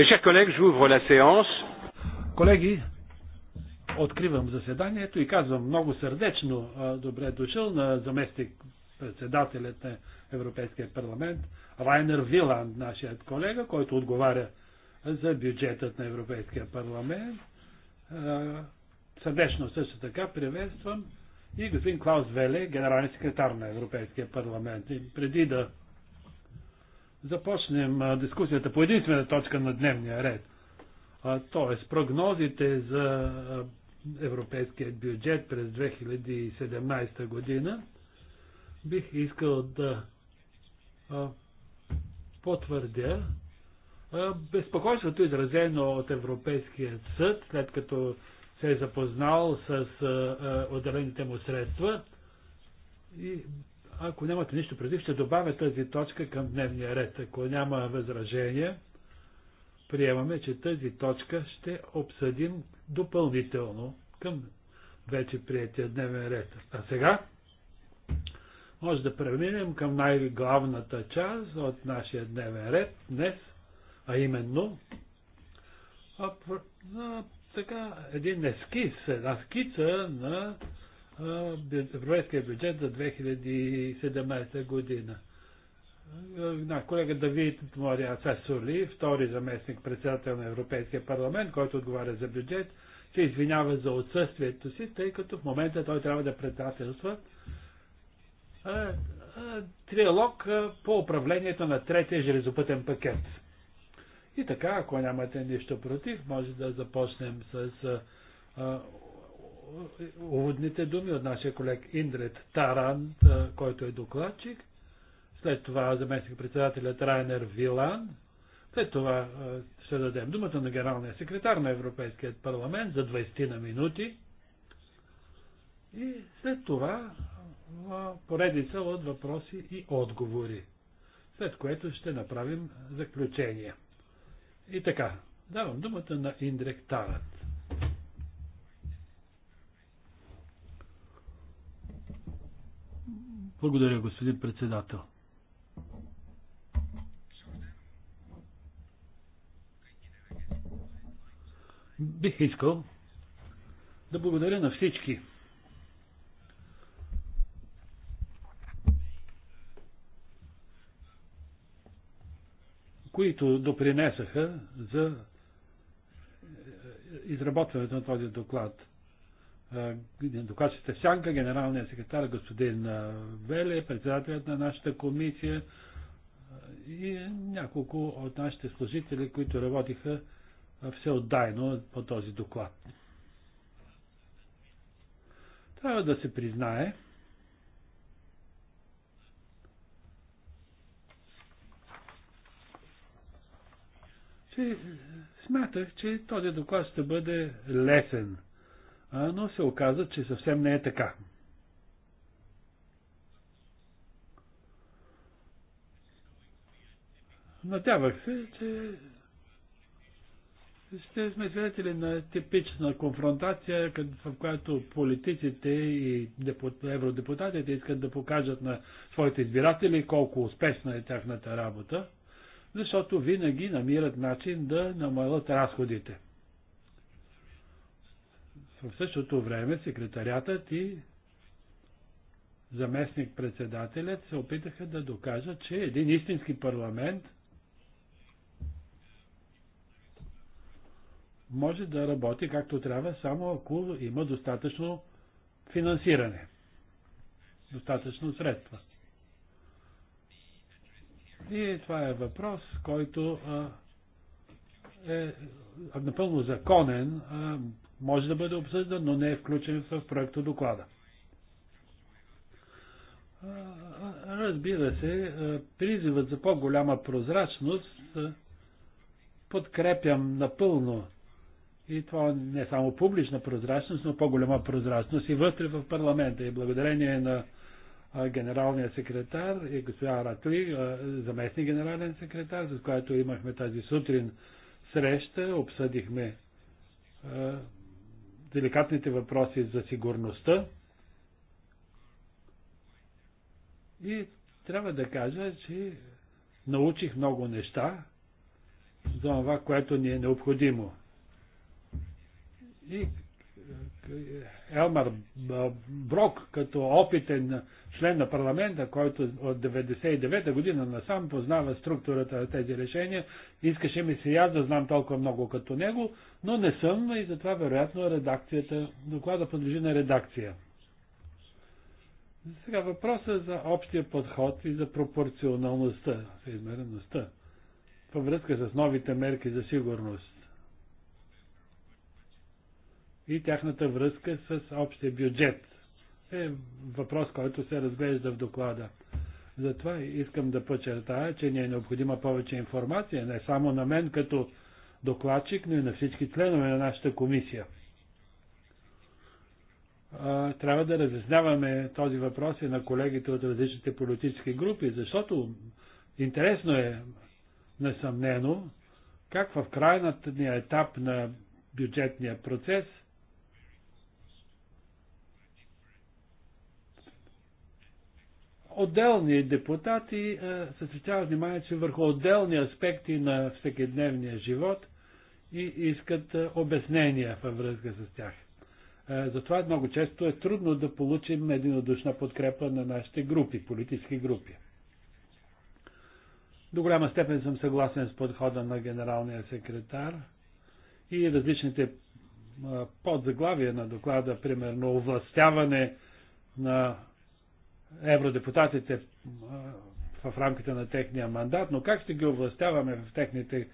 Mes chers collègues, j'ouvre la séance. Колеги, откривам заседанието и казвам много сърдечно добре дошъл на заместник председателят на Европейския парламент Райнер Виланд, нашият колега, който отговаря за бюджетът на Европейския парламент. Сърдечно също така приветствам и господин Клаус Веле, генерален секретар на Европейския парламент. И преди да започнем дискусията по единствена точка на дневния ред. Т.е. прогнозите за европейският бюджет през 2017 година. Бих искал да потвърдя безпокойството изразено от Европейския съд, след като се е запознал с отделените му средства и ако нямате нищо против, ще добавя тази точка към дневния ред. Ако няма възражение, приемаме, че тази точка ще обсъдим допълнително към вече приятия дневен ред. А сега може да преминем към най-главната част от нашия дневен ред днес, а именно а, а, така, един ескиз, една скица на европейския бюджет за 2017 година. На колега Давид Мория Сасули, втори заместник председател на Европейския парламент, който отговаря за бюджет, се извинява за отсъствието си, тъй като в момента той трябва да председателства триалог по управлението на третия железопътен пакет. И така, ако нямате нищо против, може да започнем с уводните думи от нашия колег Индрет Таран, който е докладчик, след това заместник председателят Райнер Вилан, след това ще дадем думата на генералния секретар на Европейският парламент за 20 на минути и след това поредица от въпроси и отговори, след което ще направим заключение. И така, давам думата на Индрек Тарант. Благодаря, господин председател. Бих искал да благодаря на всички. които допринесаха за изработването на този доклад докладчите Сянка, генералният секретар господин Веле, председателят на нашата комисия и няколко от нашите служители, които работиха всеотдайно по този доклад. Трябва да се признае, че смятах, че този доклад ще бъде лесен – но се оказа, че съвсем не е така. Надявах се, че ще сме свидетели на типична конфронтация, в която политиците и евродепутатите искат да покажат на своите избиратели колко успешна е тяхната работа, защото винаги намират начин да намалят разходите. В същото време секретарятът и заместник-председателят се опитаха да докажат, че един истински парламент може да работи както трябва, само ако има достатъчно финансиране, достатъчно средства. И това е въпрос, който а, е напълно законен. А, може да бъде обсъждан, но не е включен в проекта доклада. Разбира се, призивът за по-голяма прозрачност подкрепям напълно и това не само публична прозрачност, но по-голяма прозрачност и вътре в парламента. И благодарение на генералния секретар и госпожа Ратуи, заместник генерален секретар, с който имахме тази сутрин среща, обсъдихме деликатните въпроси за сигурността. И трябва да кажа, че научих много неща за това, което ни е необходимо. И Елмар Брок, като опитен член на парламента, който от 99-та година насам познава структурата на тези решения, искаше ми се и аз да знам толкова много като него, но не съм и затова вероятно редакцията, доклада подлежи на редакция. Сега въпросът за общия подход и за пропорционалността, съизмереността във връзка с новите мерки за сигурност и тяхната връзка с общия бюджет. Е въпрос, който се разглежда в доклада. Затова искам да подчертая, че ни е необходима повече информация, не само на мен като докладчик, но и на всички членове на нашата комисия. Трябва да разясняваме този въпрос и на колегите от различните политически групи, защото интересно е, несъмнено, как в крайната етап на бюджетния процес отделни депутати е, се встречават внимание, че върху отделни аспекти на всекидневния живот и искат е, обяснения във връзка с тях. Е, затова много често е трудно да получим единодушна подкрепа на нашите групи, политически групи. До голяма степен съм съгласен с подхода на генералния секретар и различните подзаглавия на доклада, примерно овластяване на евродепутатите в рамките на техния мандат, но как ще ги областяваме в техните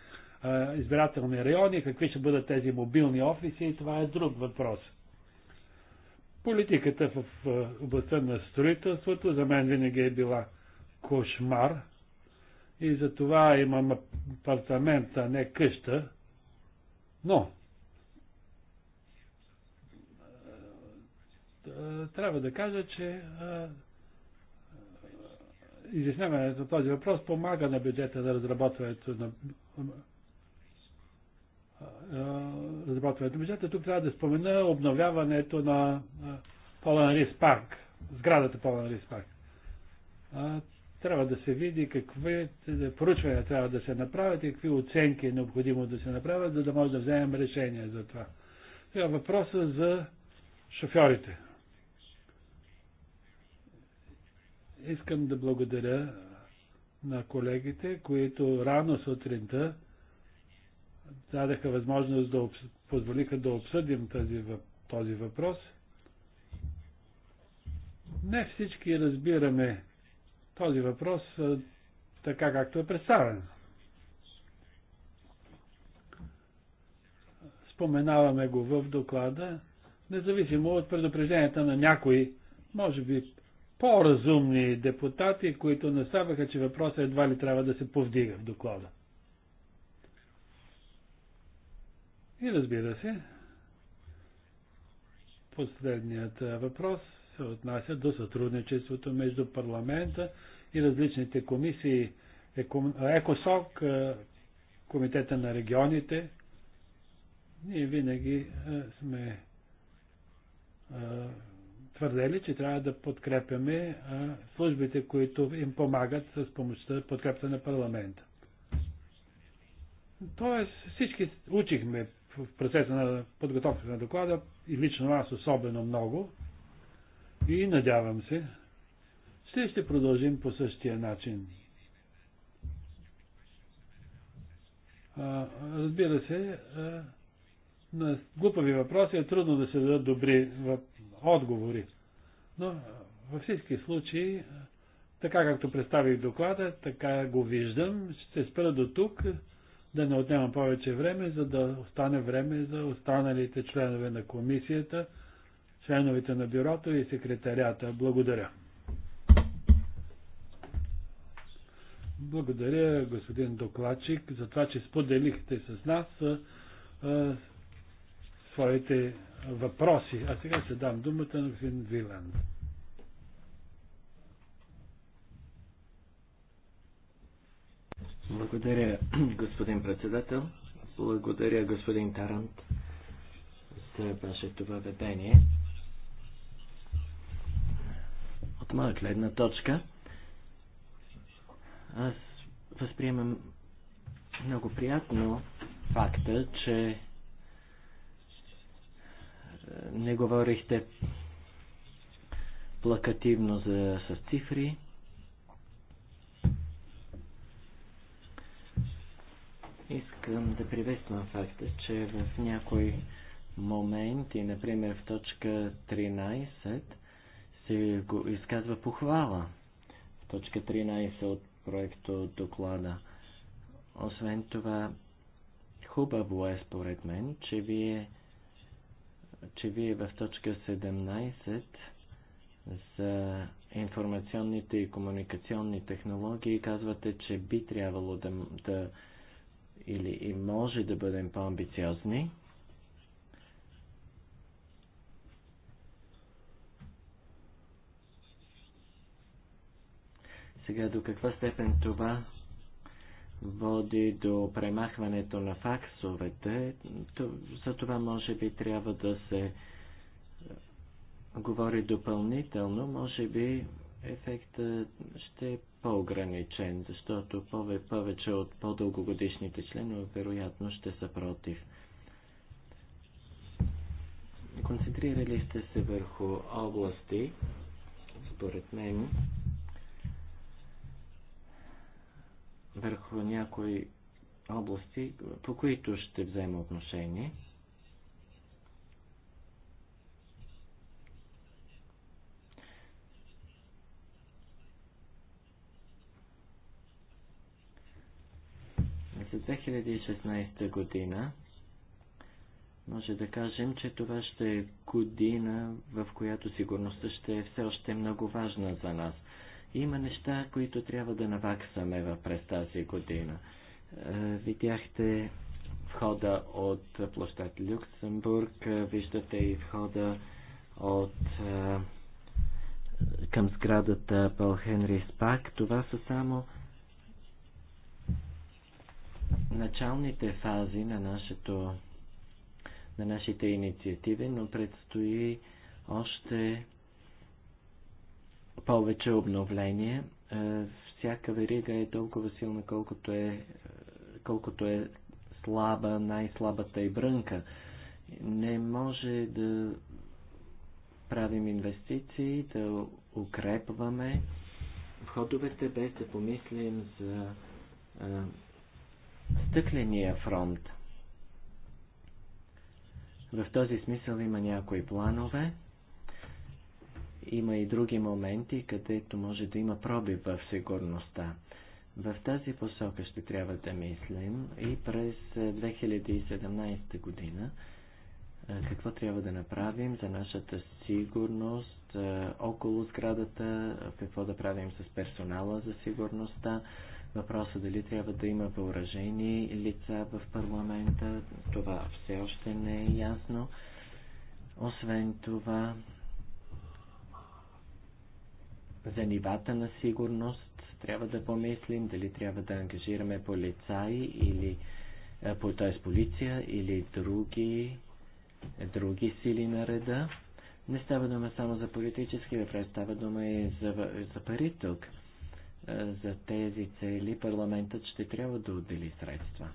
избирателни райони, какви ще бъдат тези мобилни офиси, това е друг въпрос. Политиката в областта на строителството за мен винаги е била кошмар и за това имам апартамент, а не къща, но трябва да кажа, че изясняването на този въпрос помага на бюджета за разработването на разработването на бюджета. Тук трябва да спомена обновяването на Полен Рис парк, сградата Полен Рис парк. Трябва да се види какви поручвания трябва да се направят и какви оценки е необходимо да се направят, за да може да вземем решение за това. Сега въпроса за шофьорите. Искам да благодаря на колегите, които рано сутринта дадаха възможност да обс... позволиха да обсъдим тази, този въпрос. Не всички разбираме този въпрос така както е представен. Споменаваме го в доклада, независимо от предупрежденията на някои, може би по-разумни депутати, които наставяха, че въпросът едва ли трябва да се повдига в доклада. И разбира се, последният въпрос се отнася до сътрудничеството между парламента и различните комисии, ЕКОСОК, Комитета на регионите. Ние винаги сме твърдели, че трябва да подкрепяме службите, които им помагат с помощта подкрепта на парламента. Тоест всички учихме в процеса на подготовка на доклада и лично аз особено много и надявам се, ще ще продължим по същия начин. А, разбира се, а, на глупави въпроси е трудно да се дадат добри отговори. Но във всички случаи, така както представих доклада, така го виждам, ще се спра до тук, да не отнемам повече време, за да остане време за останалите членове на комисията, членовете на бюрото и секретарята. Благодаря. Благодаря, господин докладчик, за това, че споделихте с нас а, своите въпроси. А сега ще дам думата на господин Виланд. Благодаря, господин председател. Благодаря, господин Тарант, за вашето въведение. От моя гледна точка, аз възприемам много приятно факта, че не говорихте плакативно за, с цифри. Искам да приветствам факта, че в някои и, например в точка 13, се го изказва похвала. В точка 13 от проекта доклада. Освен това, хубаво е според мен, че вие че вие в точка 17 за информационните и комуникационни технологии казвате, че би трябвало да, да или и може да бъдем по-амбициозни. Сега до каква степен това води до премахването на факсовете. За това може би трябва да се е, говори допълнително. Може би ефектът ще е по-ограничен, защото повече от по-дългогодишните членове вероятно ще са против. Концентрирали сте се върху области, според мен, върху някои области, по които ще взема отношение. За 2016 година може да кажем, че това ще е година, в която сигурността ще е все още много важна за нас – има неща, които трябва да наваксаме през тази година. Е, видяхте входа от площад Люксембург, е, виждате и входа от е, към сградата Пъл Хенри Спак. Това са само началните фази на, нашето, на нашите инициативи, но предстои още повече обновление. Е, всяка верига е толкова силна, колкото е, колкото е слаба, най-слабата и брънка. Не може да правим инвестиции, да укрепваме входовете, без да помислим за а, е, стъкления фронт. В този смисъл има някои планове, има и други моменти, където може да има пробив в сигурността. В тази посока ще трябва да мислим и през 2017 е, година е, какво трябва да направим за нашата сигурност е, около сградата, какво да правим с персонала за сигурността, въпроса дали трябва да има въоръжени лица в парламента, това все още не е ясно. Освен това, за нивата на сигурност трябва да помислим дали трябва да ангажираме полицаи или е, т.е. полиция или други, други сили на реда. Не става дума само за политически въпрос, става дума и за, за пари тук. Е, за тези цели парламентът ще трябва да отдели средства.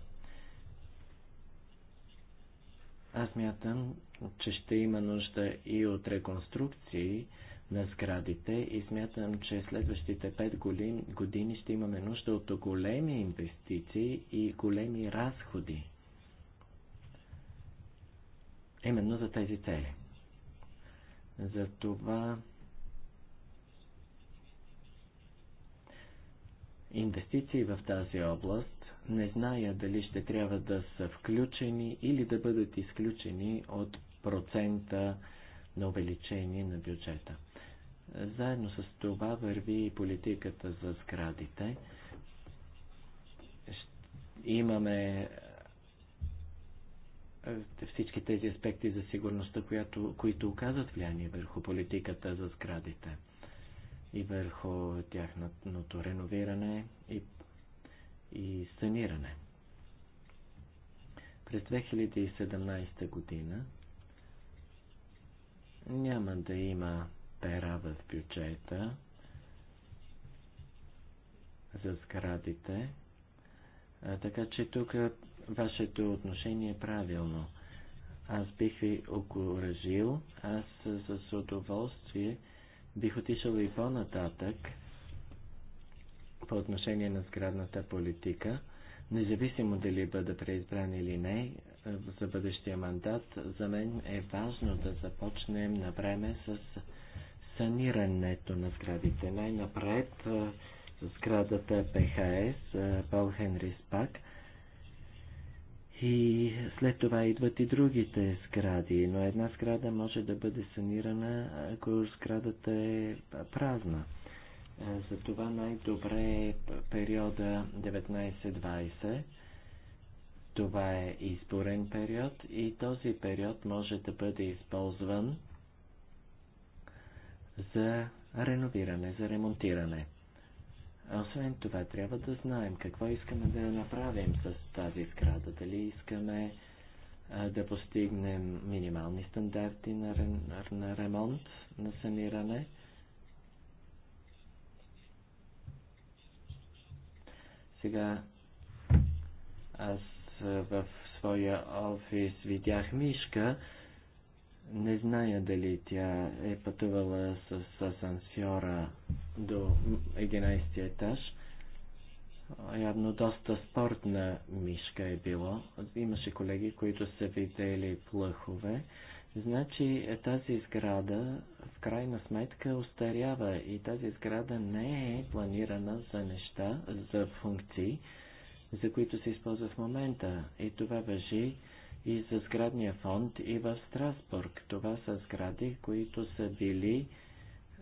Аз мятам, че ще има нужда и от реконструкции, на сградите и смятам, че следващите 5 години ще имаме нужда от големи инвестиции и големи разходи. Именно за тези цели. Затова инвестиции в тази област не зная дали ще трябва да са включени или да бъдат изключени от процента на увеличение на бюджета. Заедно с това върви и политиката за сградите. Имаме е, всички тези аспекти за сигурността, която, които оказват влияние върху политиката за сградите и върху тяхното реновиране и, и саниране. През 2017 година няма да има пера в бюджета за сградите. Така че тук вашето отношение е правилно. Аз бих ви окоръжил, аз с удоволствие бих отишъл и по-нататък по отношение на сградната политика, независимо дали бъда преизбран или не, за бъдещия мандат, за мен е важно да започнем на време с санирането на сградите. Най-напред сградата ПХС, Пол Хенрис Пак. И след това идват и другите сгради, но една сграда може да бъде санирана, ако сградата е празна. Затова най-добре е периода 19-20. Това е изборен период и този период може да бъде използван за реновиране, за ремонтиране. А освен това, трябва да знаем какво искаме да направим с тази сграда. Дали искаме да постигнем минимални стандарти на, на ремонт, на саниране. Сега аз в своя офис видях мишка, не зная дали тя е пътувала с асансьора до 11 етаж. Явно доста спортна мишка е било. Имаше колеги, които са видели плъхове. Значи е, тази сграда в крайна сметка устарява и тази сграда не е планирана за неща, за функции, за които се използва в момента. И това въжи и за сградния фонд и в Страсбург. Това са сгради, които са били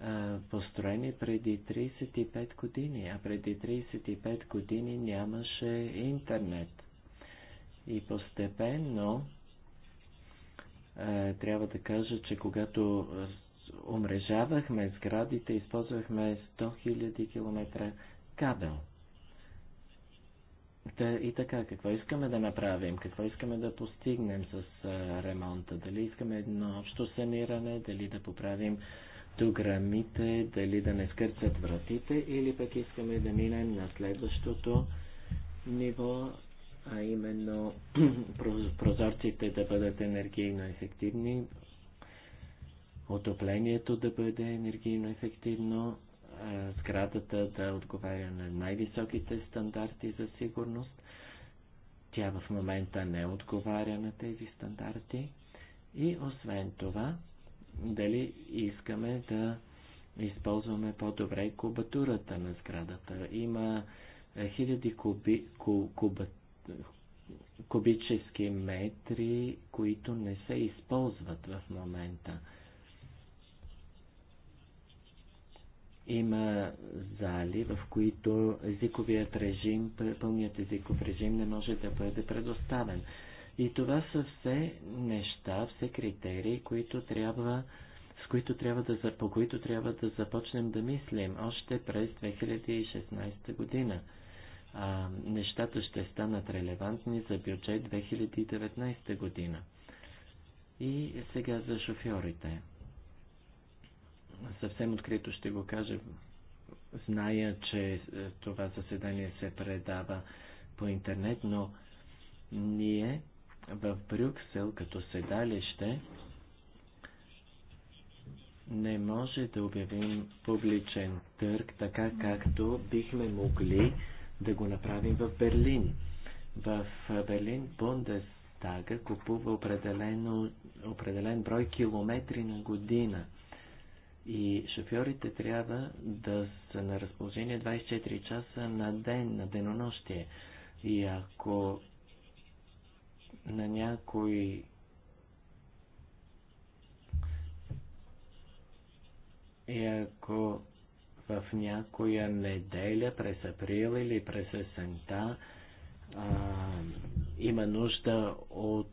а, построени преди 35 години, а преди 35 години нямаше интернет. И постепенно а, трябва да кажа, че когато омрежавахме сградите, използвахме 100 000 км кабел. Та и така, какво искаме да направим, какво искаме да постигнем с а, ремонта, дали искаме едно общо саниране, дали да поправим дограмите, дали да не скърцат вратите или пък искаме да минем на следващото ниво, а именно прозорците да бъдат енергийно ефективни, отоплението да бъде енергийно ефективно, сградата да отговаря на най-високите стандарти за сигурност. Тя в момента не отговаря на тези стандарти. И освен това, дали искаме да използваме по-добре кубатурата на сградата. Има хиляди куби, ку, куба, кубически метри, които не се използват в момента. Има зали, в които езиковият режим, пълният езиков режим не може да бъде предоставен. И това са все неща, все критерии, които трябва, с които трябва да, по които трябва да започнем да мислим още през 2016 година. А, нещата ще станат релевантни за бюджет 2019 година. И сега за шофьорите съвсем открито ще го кажа. Зная, че е, това заседание се предава по интернет, но ние в Брюксел като седалище не може да обявим публичен търг така както бихме могли да го направим в Берлин. В Берлин Бундестага купува определено, определен брой километри на година – и шофьорите трябва да са на разположение 24 часа на ден, на денонощие. И ако на някой и ако в някоя неделя през април или през есента а, има нужда от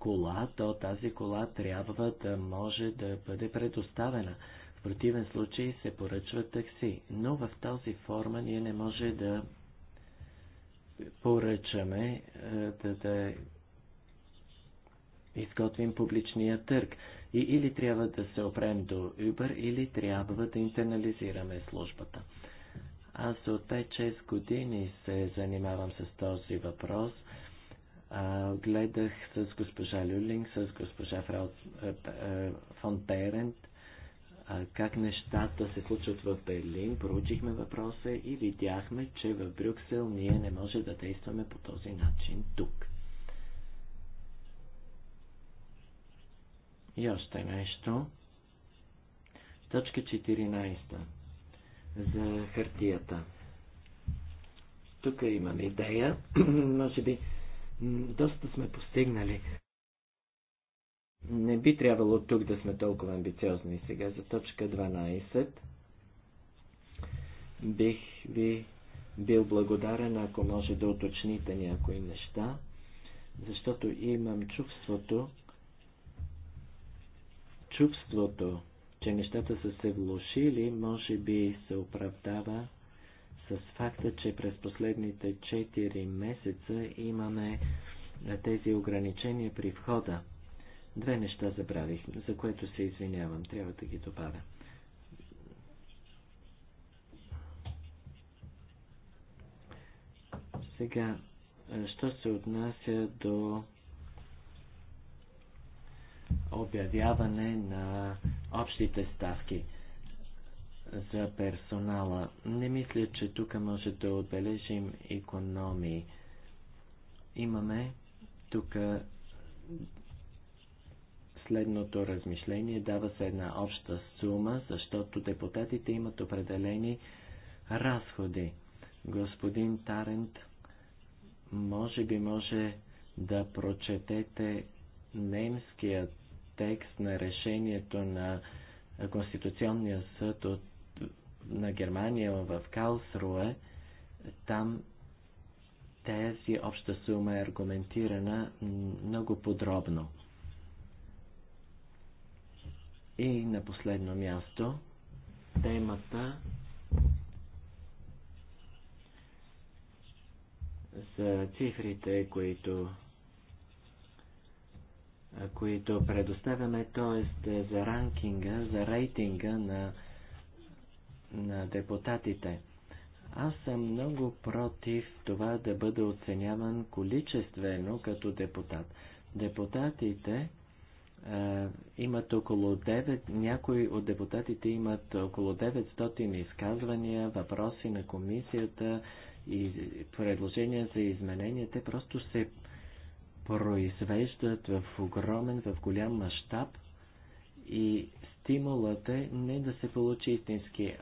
кола, то тази кола трябва да може да бъде предоставена. В противен случай се поръчва такси, но в тази форма ние не може да поръчаме е, да, да изготвим публичния търг. И или трябва да се опрем до Uber, или трябва да интернализираме службата. Аз от 5-6 години се занимавам с този въпрос – а, гледах с госпожа Люлинг, с госпожа Фрау, е, е, фон Терент, как нещата се случват в Берлин, проучихме въпроса и видяхме, че в Брюксел ние не може да действаме по този начин тук. И още нещо. Точка 14. За хартията. Тук имам идея. може би доста сме постигнали. Не би трябвало тук да сме толкова амбициозни сега. За точка 12 бих ви бил благодарен, ако може да уточните някои неща, защото имам чувството, чувството, че нещата са се влушили, може би се оправдава с факта, че през последните 4 месеца имаме тези ограничения при входа. Две неща забравих, за което се извинявам. Трябва да ги добавя. Сега, що се отнася до обявяване на общите ставки за персонала. Не мисля, че тук може да отбележим економии. Имаме тук следното размишление. Дава се една обща сума, защото депутатите имат определени разходи. Господин Тарент, може би може да прочетете немския текст на решението на Конституционния съд от на Германия в Калсруе, там тази обща сума е аргументирана много подробно. И на последно място темата за цифрите, които, които предоставяме, т.е. за ранкинга, за рейтинга на на депутатите. Аз съм много против това да бъде оценяван количествено като депутат. Депутатите е, имат около 9, някои от депутатите имат около 900 изказвания, въпроси на комисията и предложения за изменения. Те просто се произвеждат в огромен, в голям мащаб и стимулът е не да се получи истински е,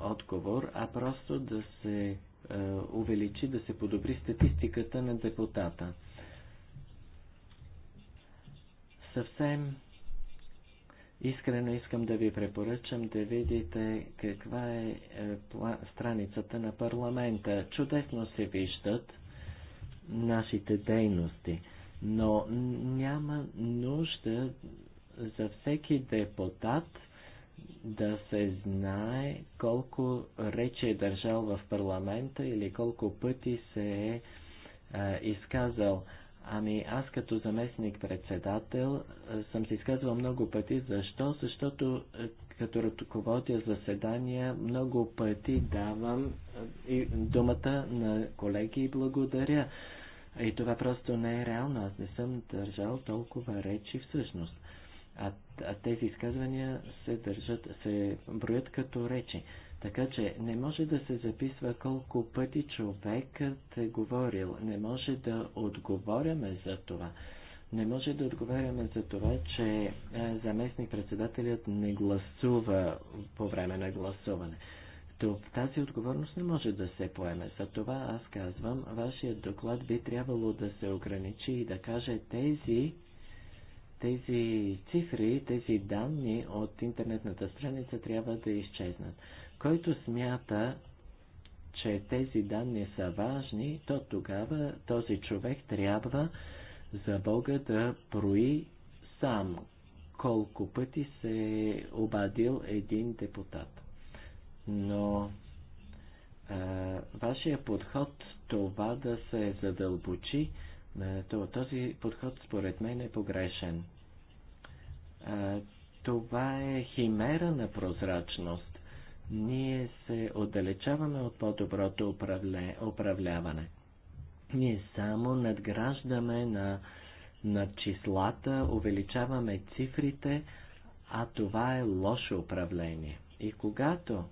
отговор, а просто да се е, увеличи, да се подобри статистиката на депутата. Съвсем искрено искам да ви препоръчам да видите каква е, е страницата на парламента. Чудесно се виждат нашите дейности но няма нужда за всеки депутат да се знае колко речи е държал в парламента или колко пъти се е а, е, изказал. Ами аз като заместник-председател е, съм се изказвал много пъти. Защо? Защото е, като ръководя заседания много пъти давам и думата на колеги и благодаря. И това просто не е реално. Аз не съм държал толкова речи всъщност а, а тези изказвания се, държат, се броят като речи. Така че не може да се записва колко пъти човекът е говорил. Не може да отговаряме за това. Не може да отговаряме за това, че е, заместник председателят не гласува по време на гласуване. То, тази отговорност не може да се поеме. За това аз казвам, вашият доклад би трябвало да се ограничи и да каже тези тези цифри, тези данни от интернетната страница трябва да изчезнат. Който смята, че тези данни са важни, то тогава този човек трябва за Бога да брои сам колко пъти се е обадил един депутат. Но а, вашия подход това да се задълбочи е, този подход според мен е погрешен. Е, това е химера на прозрачност. Ние се отдалечаваме от по-доброто управляване. Ние само надграждаме на, на числата, увеличаваме цифрите, а това е лошо управление. И когато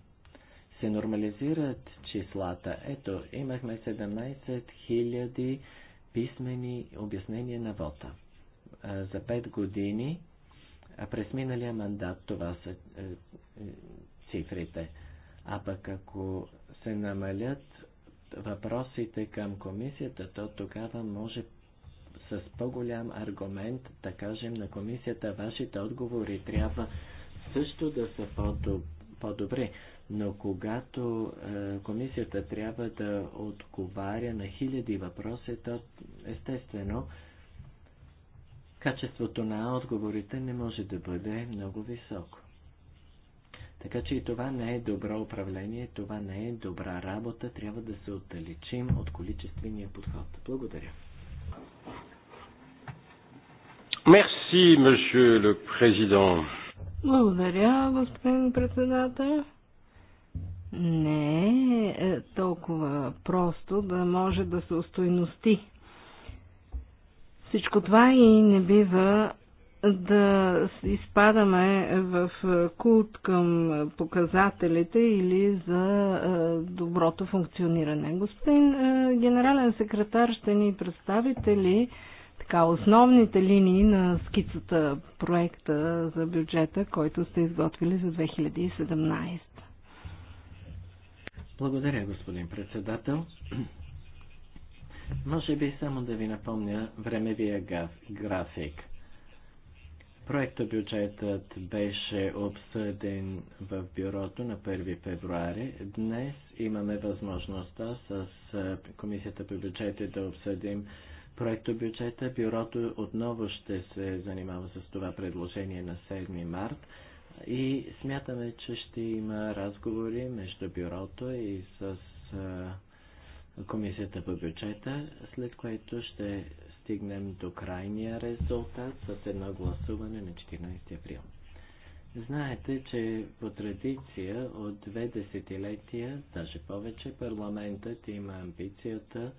се нормализират числата, ето, имахме 17 000 писмени обяснения на вота. За пет години, а през миналия мандат това са е, е, цифрите. А пък ако се намалят въпросите към комисията, то тогава може с по-голям аргумент да кажем на комисията, вашите отговори трябва също да са по-добри но когато е, комисията трябва да отговаря на хиляди въпроси, то естествено качеството на отговорите не може да бъде много високо. Така че и това не е добро управление, това не е добра работа, трябва да се отдалечим от количествения подход. Благодаря. Благодаря, господин председател не е, е толкова просто да може да се устойности. Всичко това и не бива да изпадаме в култ към показателите или за е, доброто функциониране. Господин е, генерален секретар, ще ни представите ли така, основните линии на скицата проекта за бюджета, който сте изготвили за 2017? Благодаря, господин председател. Може би само да ви напомня времевия график. Проектобюджетът беше обсъден в бюрото на 1 февруари. Днес имаме възможността с Комисията по бюджети да обсъдим проектобюджета. Бюрото отново ще се занимава с това предложение на 7 март. И смятаме, че ще има разговори между бюрото и с комисията по бюджета, след което ще стигнем до крайния резултат с едно гласуване на 14 април. Знаете, че по традиция от две десетилетия, даже повече, парламентът има амбицията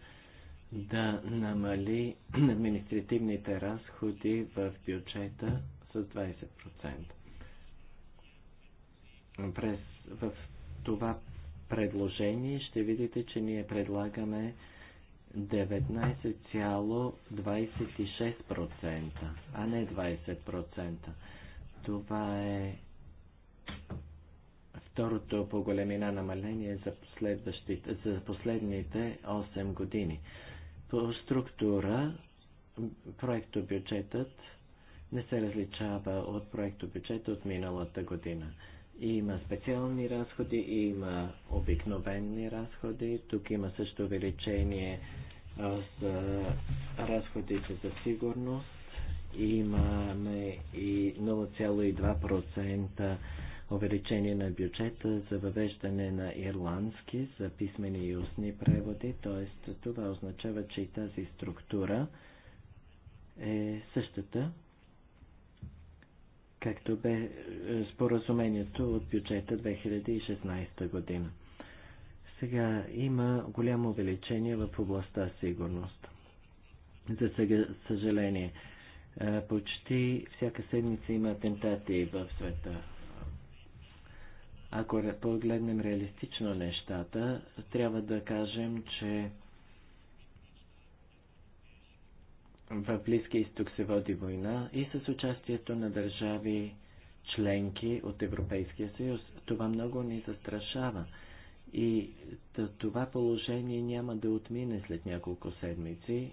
да намали административните разходи в бюджета с 20% през, в това предложение ще видите, че ние предлагаме 19,26%, а не 20%. Това е второто по големина намаление за, за последните 8 години. По структура проектобюджетът не се различава от проектобюджета от миналата година. Има специални разходи, има обикновени разходи. Тук има също увеличение за разходите за сигурност. Имаме и 0,2% увеличение на бюджета за въвеждане на ирландски за писмени и устни преводи, т.е. това означава, че и тази структура е същата, както бе е, споразумението от бюджета 2016 година. Сега има голямо увеличение в областта сигурност. За съжаление, е, почти всяка седмица има атентати в света. Ако погледнем реалистично нещата, трябва да кажем, че в Близкия изток се води война и с участието на държави членки от Европейския съюз. Това много ни застрашава. И това положение няма да отмине след няколко седмици.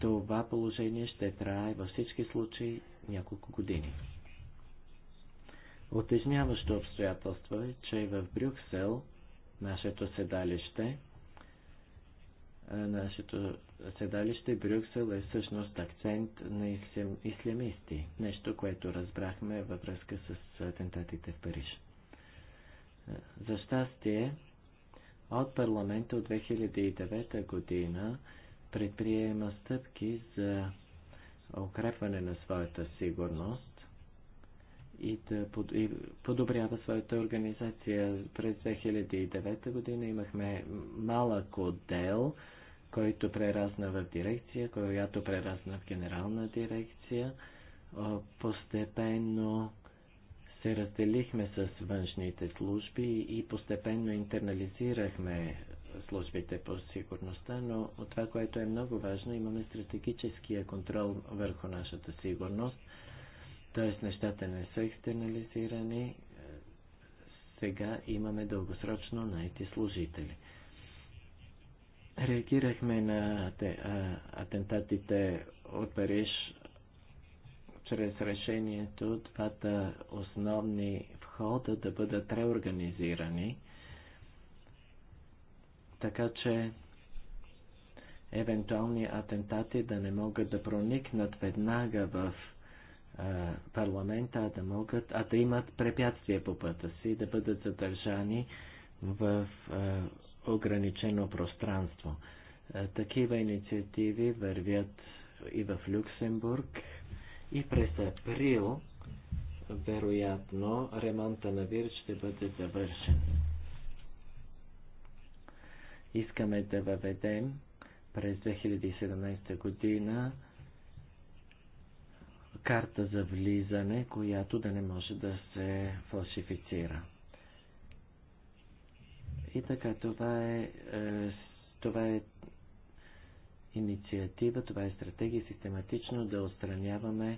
Това положение ще трае във всички случаи няколко години. Отежняващо обстоятелство е, че в Брюксел, нашето седалище, нашето седалище Брюксел е всъщност акцент на ислямисти. Нещо, което разбрахме във връзка с атентатите в Париж. За щастие, от парламента от 2009 година предприема стъпки за укрепване на своята сигурност и да подобрява своята организация. През 2009 година имахме малък отдел, който прерасна в дирекция, която прерасна в генерална дирекция. Постепенно се разделихме с външните служби и постепенно интернализирахме службите по сигурността, но от това, което е много важно, имаме стратегическия контрол върху нашата сигурност, т.е. нещата не са екстернализирани, сега имаме дългосрочно наети служители. Реагирахме на атентатите от Париж чрез решението двата основни входа да бъдат реорганизирани, така че евентуални атентати да не могат да проникнат веднага в парламента, а да могат, а да имат препятствия по пътя си, да бъдат задържани в ограничено пространство. Е, такива инициативи вървят и в Люксембург и през април вероятно ремонта на ВИР ще бъде завършен. Искаме да въведем през 2017 година карта за влизане, която да не може да се фалшифицира. И така, това е, е това е инициатива, това е стратегия систематично да отстраняваме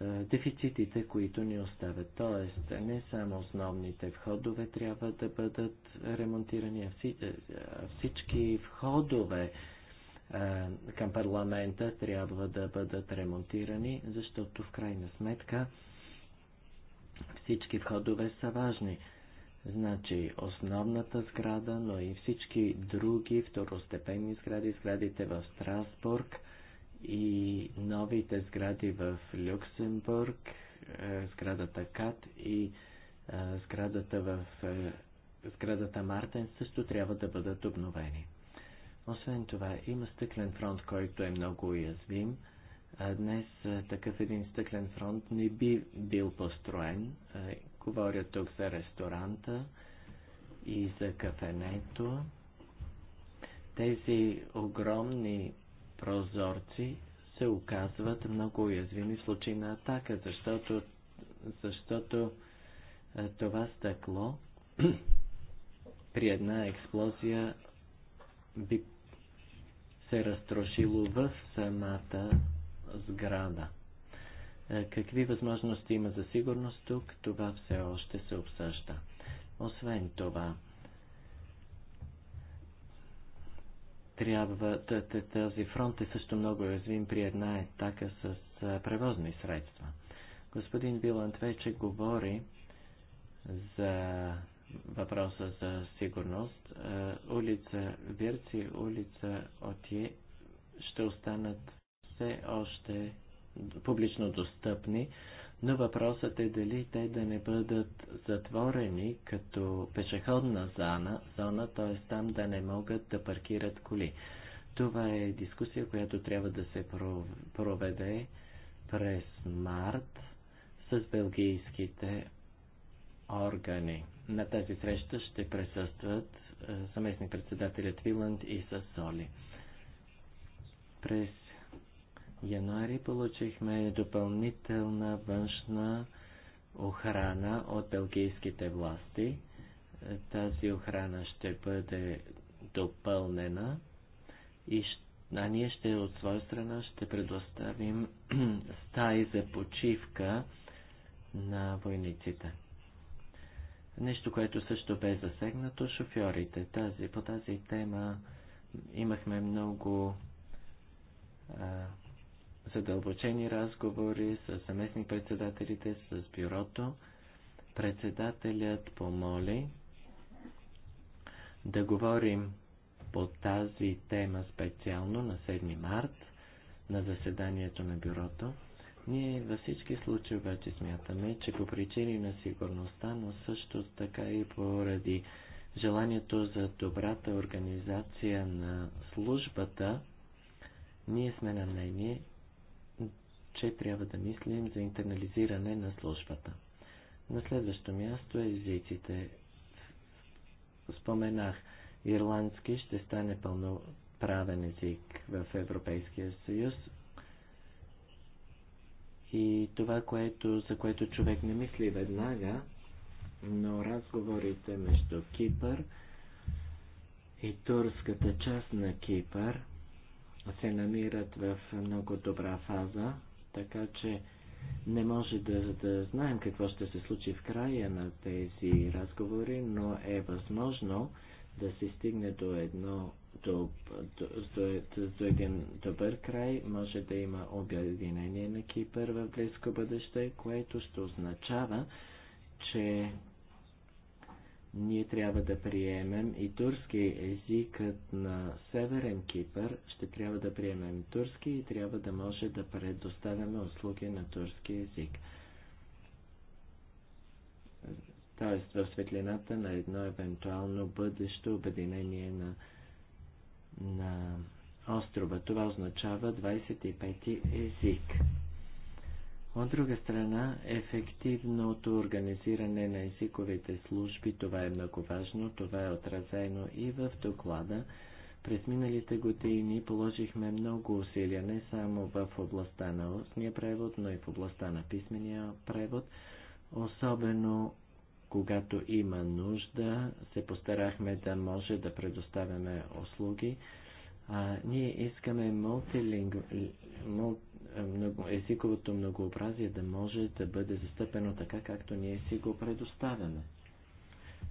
е, дефицитите, които ни оставят. Тоест, не само основните входове трябва да бъдат ремонтирани, е, а, всички входове е, към парламента трябва да бъдат ремонтирани, защото в крайна сметка всички входове са важни. Е, Значи основната сграда, но и всички други второстепенни сгради, сградите в Страсбург и новите сгради в Люксембург, е, сградата КАТ и е, сградата в е, сградата Мартен също трябва да бъдат обновени. Освен това, има стъклен фронт, който е много уязвим. Днес такъв един стъклен фронт не би бил построен. Говоря тук за ресторанта и за кафенето. Тези огромни прозорци се оказват много уязвими в случай на атака, защото, защото това стъкло при една експлозия би се разтрошило в самата сграда. Е, какви възможности има за сигурност тук, това все още се обсъжда. Освен това, трябва този фронт е също много уязвим при една етака с превозни средства. Господин Биланд вече говори за въпроса за сигурност. Е, улица Вирци, улица Отие ще останат все още публично достъпни, но въпросът е дали те да не бъдат затворени като пешеходна зона, зона т.е. там да не могат да паркират коли. Това е дискусия, която трябва да се проведе през март с белгийските органи. На тази среща ще присъстват е, съместни председателят Виланд и Сасоли. През януари получихме допълнителна външна охрана от белгийските власти. Тази охрана ще бъде допълнена и а ние ще от своя страна ще предоставим стаи за почивка на войниците. Нещо, което също бе засегнато, шофьорите. Тази, по тази тема имахме много а, задълбочени разговори с съместни председателите с бюрото. Председателят помоли да говорим по тази тема специално на 7 март на заседанието на бюрото. Ние във всички случаи обаче смятаме, че по причини на сигурността, но също така и поради желанието за добрата организация на службата, ние сме на мнение, че трябва да мислим за интернализиране на службата. На следващо място е езиците. Споменах, ирландски ще стане пълноправен език в Европейския съюз. И това, което, за което човек не мисли веднага, но разговорите между Кипър и турската част на Кипър се намират в много добра фаза така че не може да, да знаем какво ще се случи в края на тези разговори, но е възможно да се стигне до едно до, до, до, до един добър край, може да има обединение на Кипър в близко бъдеще, което ще означава, че ние трябва да приемем и турски езикът на Северен Кипър, ще трябва да приемем турски и трябва да може да предоставяме услуги на турски език. Тоест в светлината на едно евентуално бъдещо обединение на, на острова. Това означава 25 език. От друга страна, ефективното организиране на езиковите служби, това е много важно, това е отразено и в доклада. През миналите години положихме много усилия не само в областта на устния превод, но и в областта на писмения превод. Особено когато има нужда, се постарахме да може да предоставяме услуги. А, ние искаме мултилингу... мулт много, езиковото многообразие да може да бъде застъпено така, както ние си го предоставяме.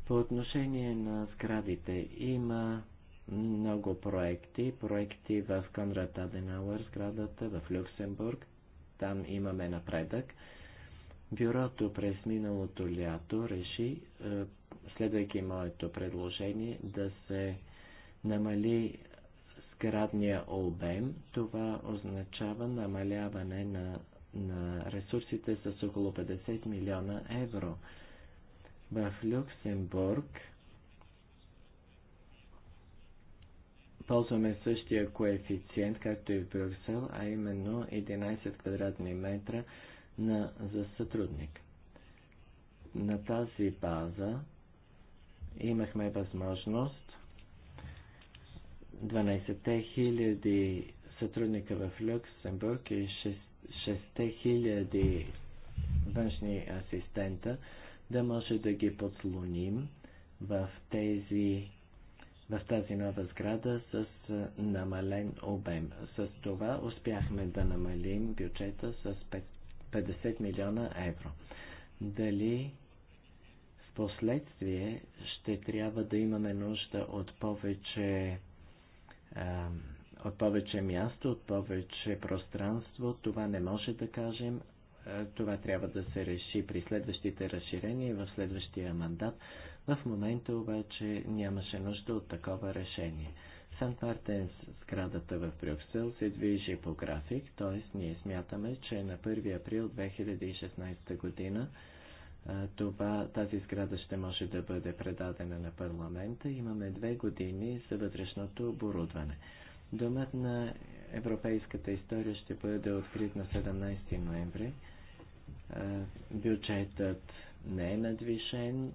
По отношение на сградите има много проекти. Проекти в Конрад Аденауер сградата, в Люксембург. Там имаме напредък. Бюрото през миналото лято реши, е, следвайки моето предложение, да се намали е, сградния обем, това означава намаляване на, на ресурсите с около 50 милиона евро. В Люксембург ползваме същия коефициент, както и в Брюксел, а именно 11 квадратни метра на, за сътрудник. На тази база имахме възможност 12 хиляди сътрудника в Люксембург и 6 хиляди външни асистента, да може да ги подслоним в, тези, в тази нова сграда с намален обем. С това успяхме да намалим бюджета с 50 милиона евро. Дали в последствие ще трябва да имаме нужда от повече е, от повече място, от повече пространство. Това не може да кажем. Е, това трябва да се реши при следващите разширения и в следващия мандат. В момента обаче нямаше нужда от такова решение. Сант Мартенс, сградата в Брюксел, се движи по график, т.е. ние смятаме, че на 1 април 2016 година това, тази сграда ще може да бъде предадена на парламента. Имаме две години за вътрешното оборудване. Домът на европейската история ще бъде открит на 17 ноември. Бюджетът не е надвишен.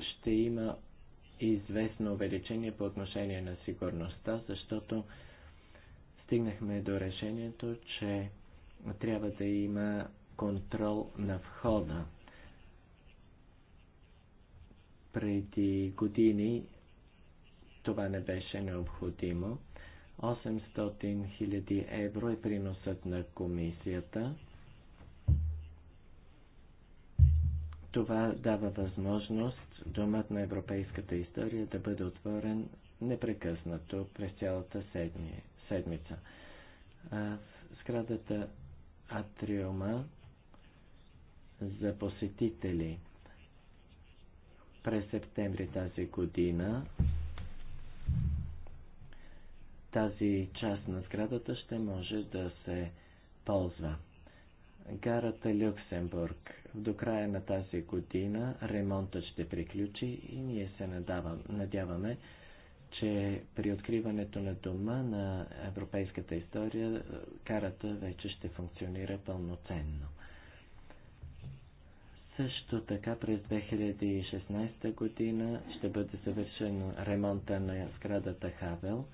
Ще има известно увеличение по отношение на сигурността, защото стигнахме до решението, че трябва да има контрол на входа. Преди години това не беше необходимо. 800 000 евро е приносът на комисията. Това дава възможност Домът на европейската история да бъде отворен непрекъснато през цялата седмица. А, сградата атриума за посетители. През септември тази година тази част на сградата ще може да се ползва. Гарата Люксембург. До края на тази година ремонтът ще приключи и ние се надавам, надяваме че при откриването на дома на европейската история е, карата вече ще функционира пълноценно. Също така през 2016 година ще бъде завършен ремонта на сградата Хавел.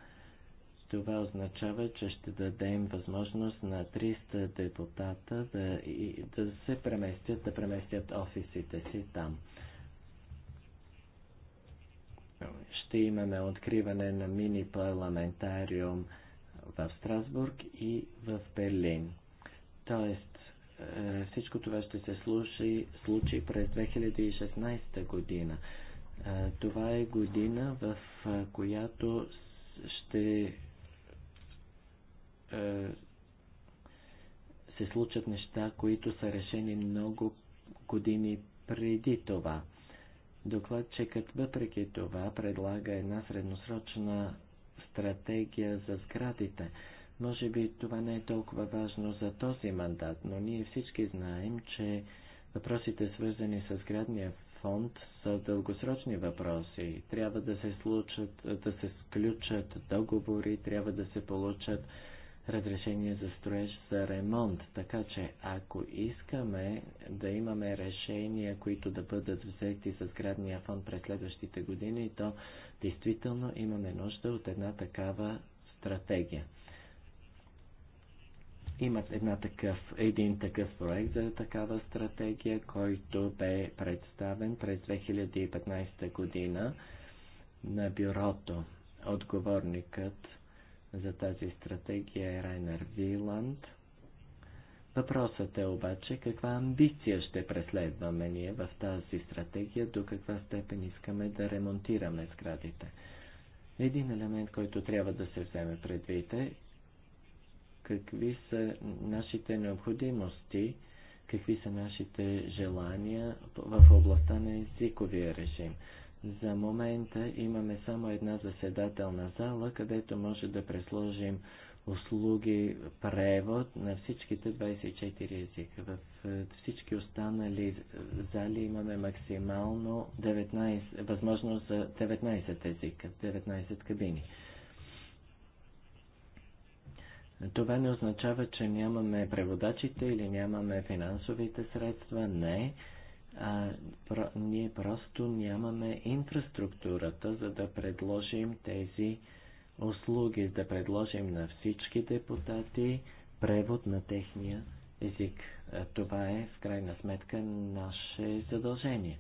Това означава, че ще дадем възможност на 300 депутата да, и, да се преместят, да преместят офисите си там ще имаме откриване на мини парламентариум в Страсбург и в Берлин. Тоест, е, всичко това ще се случи, случи през 2016 година. Е, това е година, в е, която ще се случат неща, които са решени много години преди това. Докладчикът въпреки това предлага една средносрочна стратегия за сградите. Може би това не е толкова важно за този мандат, но ние всички знаем, че въпросите свързани с сградния фонд са дългосрочни въпроси. Трябва да се случат, да се сключат договори, трябва да се получат разрешение за строеж за ремонт. Така че, ако искаме да имаме решения, които да бъдат взети за сградния фонд през следващите години, то действително имаме нужда от една такава стратегия. Имат една такъв, един такъв проект за такава стратегия, който бе представен през 2015 година на бюрото. Отговорникът за тази стратегия е Райнер Виланд. Въпросът е обаче каква амбиция ще преследваме ние в тази стратегия, до каква степен искаме да ремонтираме сградите. Един елемент, който трябва да се вземе предвид е какви са нашите необходимости, какви са нашите желания в областта на езиковия режим. За момента имаме само една заседателна зала, където може да пресложим услуги, превод на всичките 24 езика. В е, всички останали зали имаме максимално 19, възможност за 19 езика, 19 кабини. Това не означава, че нямаме преводачите или нямаме финансовите средства. Не а, про, ние просто нямаме инфраструктурата, за да предложим тези услуги, за да предложим на всички депутати превод на техния език. Това е в крайна сметка наше задължение.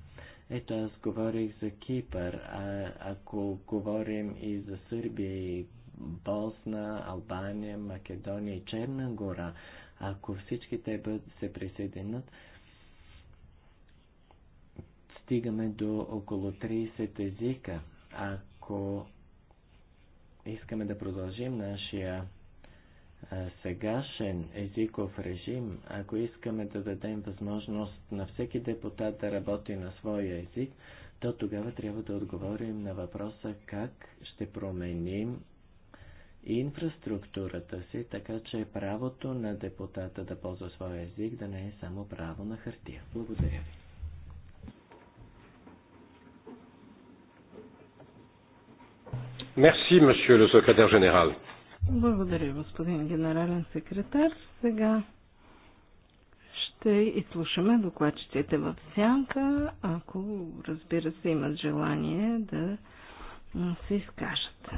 Ето аз говорих за Кипър, а ако говорим и за Сърбия и Босна, Албания, Македония и Черна гора, ако всички те се присъединят, стигаме до около 30 езика. Ако искаме да продължим нашия сегашен езиков режим, ако искаме да дадем възможност на всеки депутат да работи на своя език, то тогава трябва да отговорим на въпроса как ще променим инфраструктурата си, така че правото на депутата да ползва своя език да не е само право на хартия. Благодаря ви. Мерси, месье ле секретар генерал. Благодаря, господин генерален секретар. Сега ще изслушаме докладчиците в сянка, ако разбира се имат желание да се изкажат.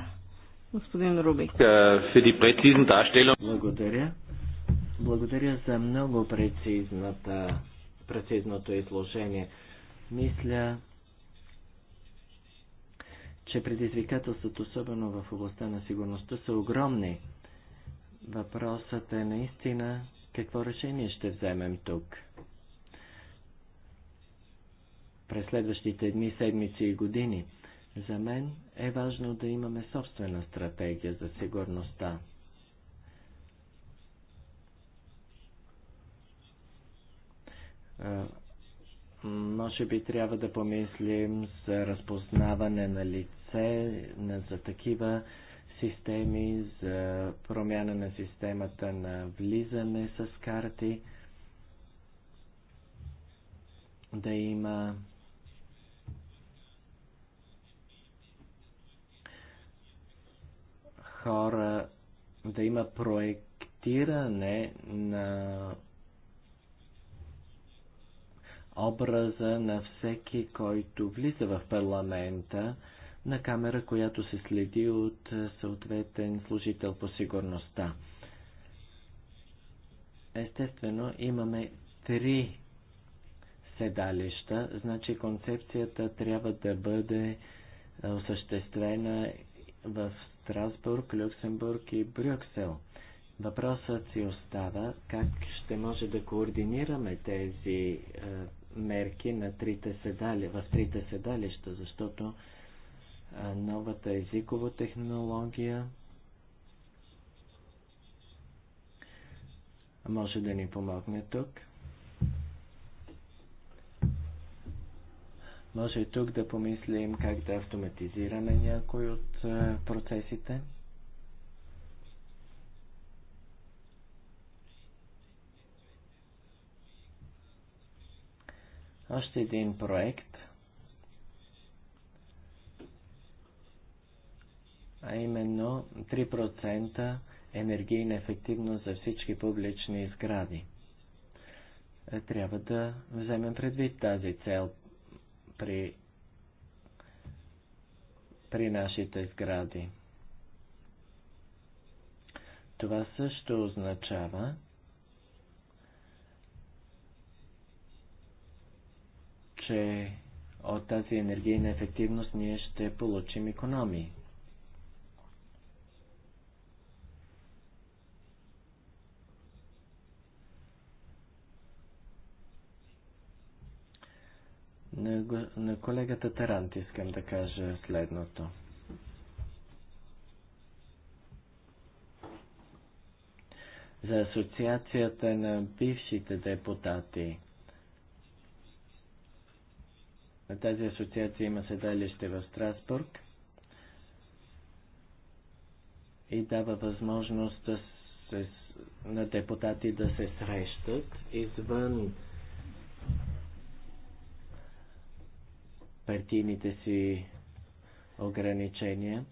Господин Рубик. Е, Благодаря. Благодаря за много прецизната, прецизното изложение. Мисля, че предизвикателствата, особено в областта на сигурността, са огромни. Въпросът е наистина какво решение ще вземем тук. През следващите дни, седмици и години. За мен е важно да имаме собствена стратегия за сигурността. Може би трябва да помислим за разпознаване на лице, за такива системи, за промяна на системата на влизане с карти, да има хора, да има проектиране на образа на всеки, който влиза в парламента, на камера, която се следи от е, съответен служител по сигурността. Естествено, имаме три седалища, значи концепцията трябва да бъде е, осъществена в Страсбург, Люксембург и Брюксел. Въпросът си остава как ще може да координираме тези е, мерки на трите седали, в трите седалища, защото новата езикова технология може да ни помогне тук. Може и тук да помислим как да автоматизираме някои от процесите. Още един проект, а именно 3% енергийна ефективност за всички публични сгради. Е, трябва да вземем предвид тази цел при, при нашите сгради. Това също означава, че от тази енергийна ефективност ние ще получим економии. На, на колегата Тарант искам да кажа следното. За асоциацията на бившите депутати – тази асоциация има седалище в Страсбург и дава възможност да се, на депутати да се срещат извън партийните си ограничения.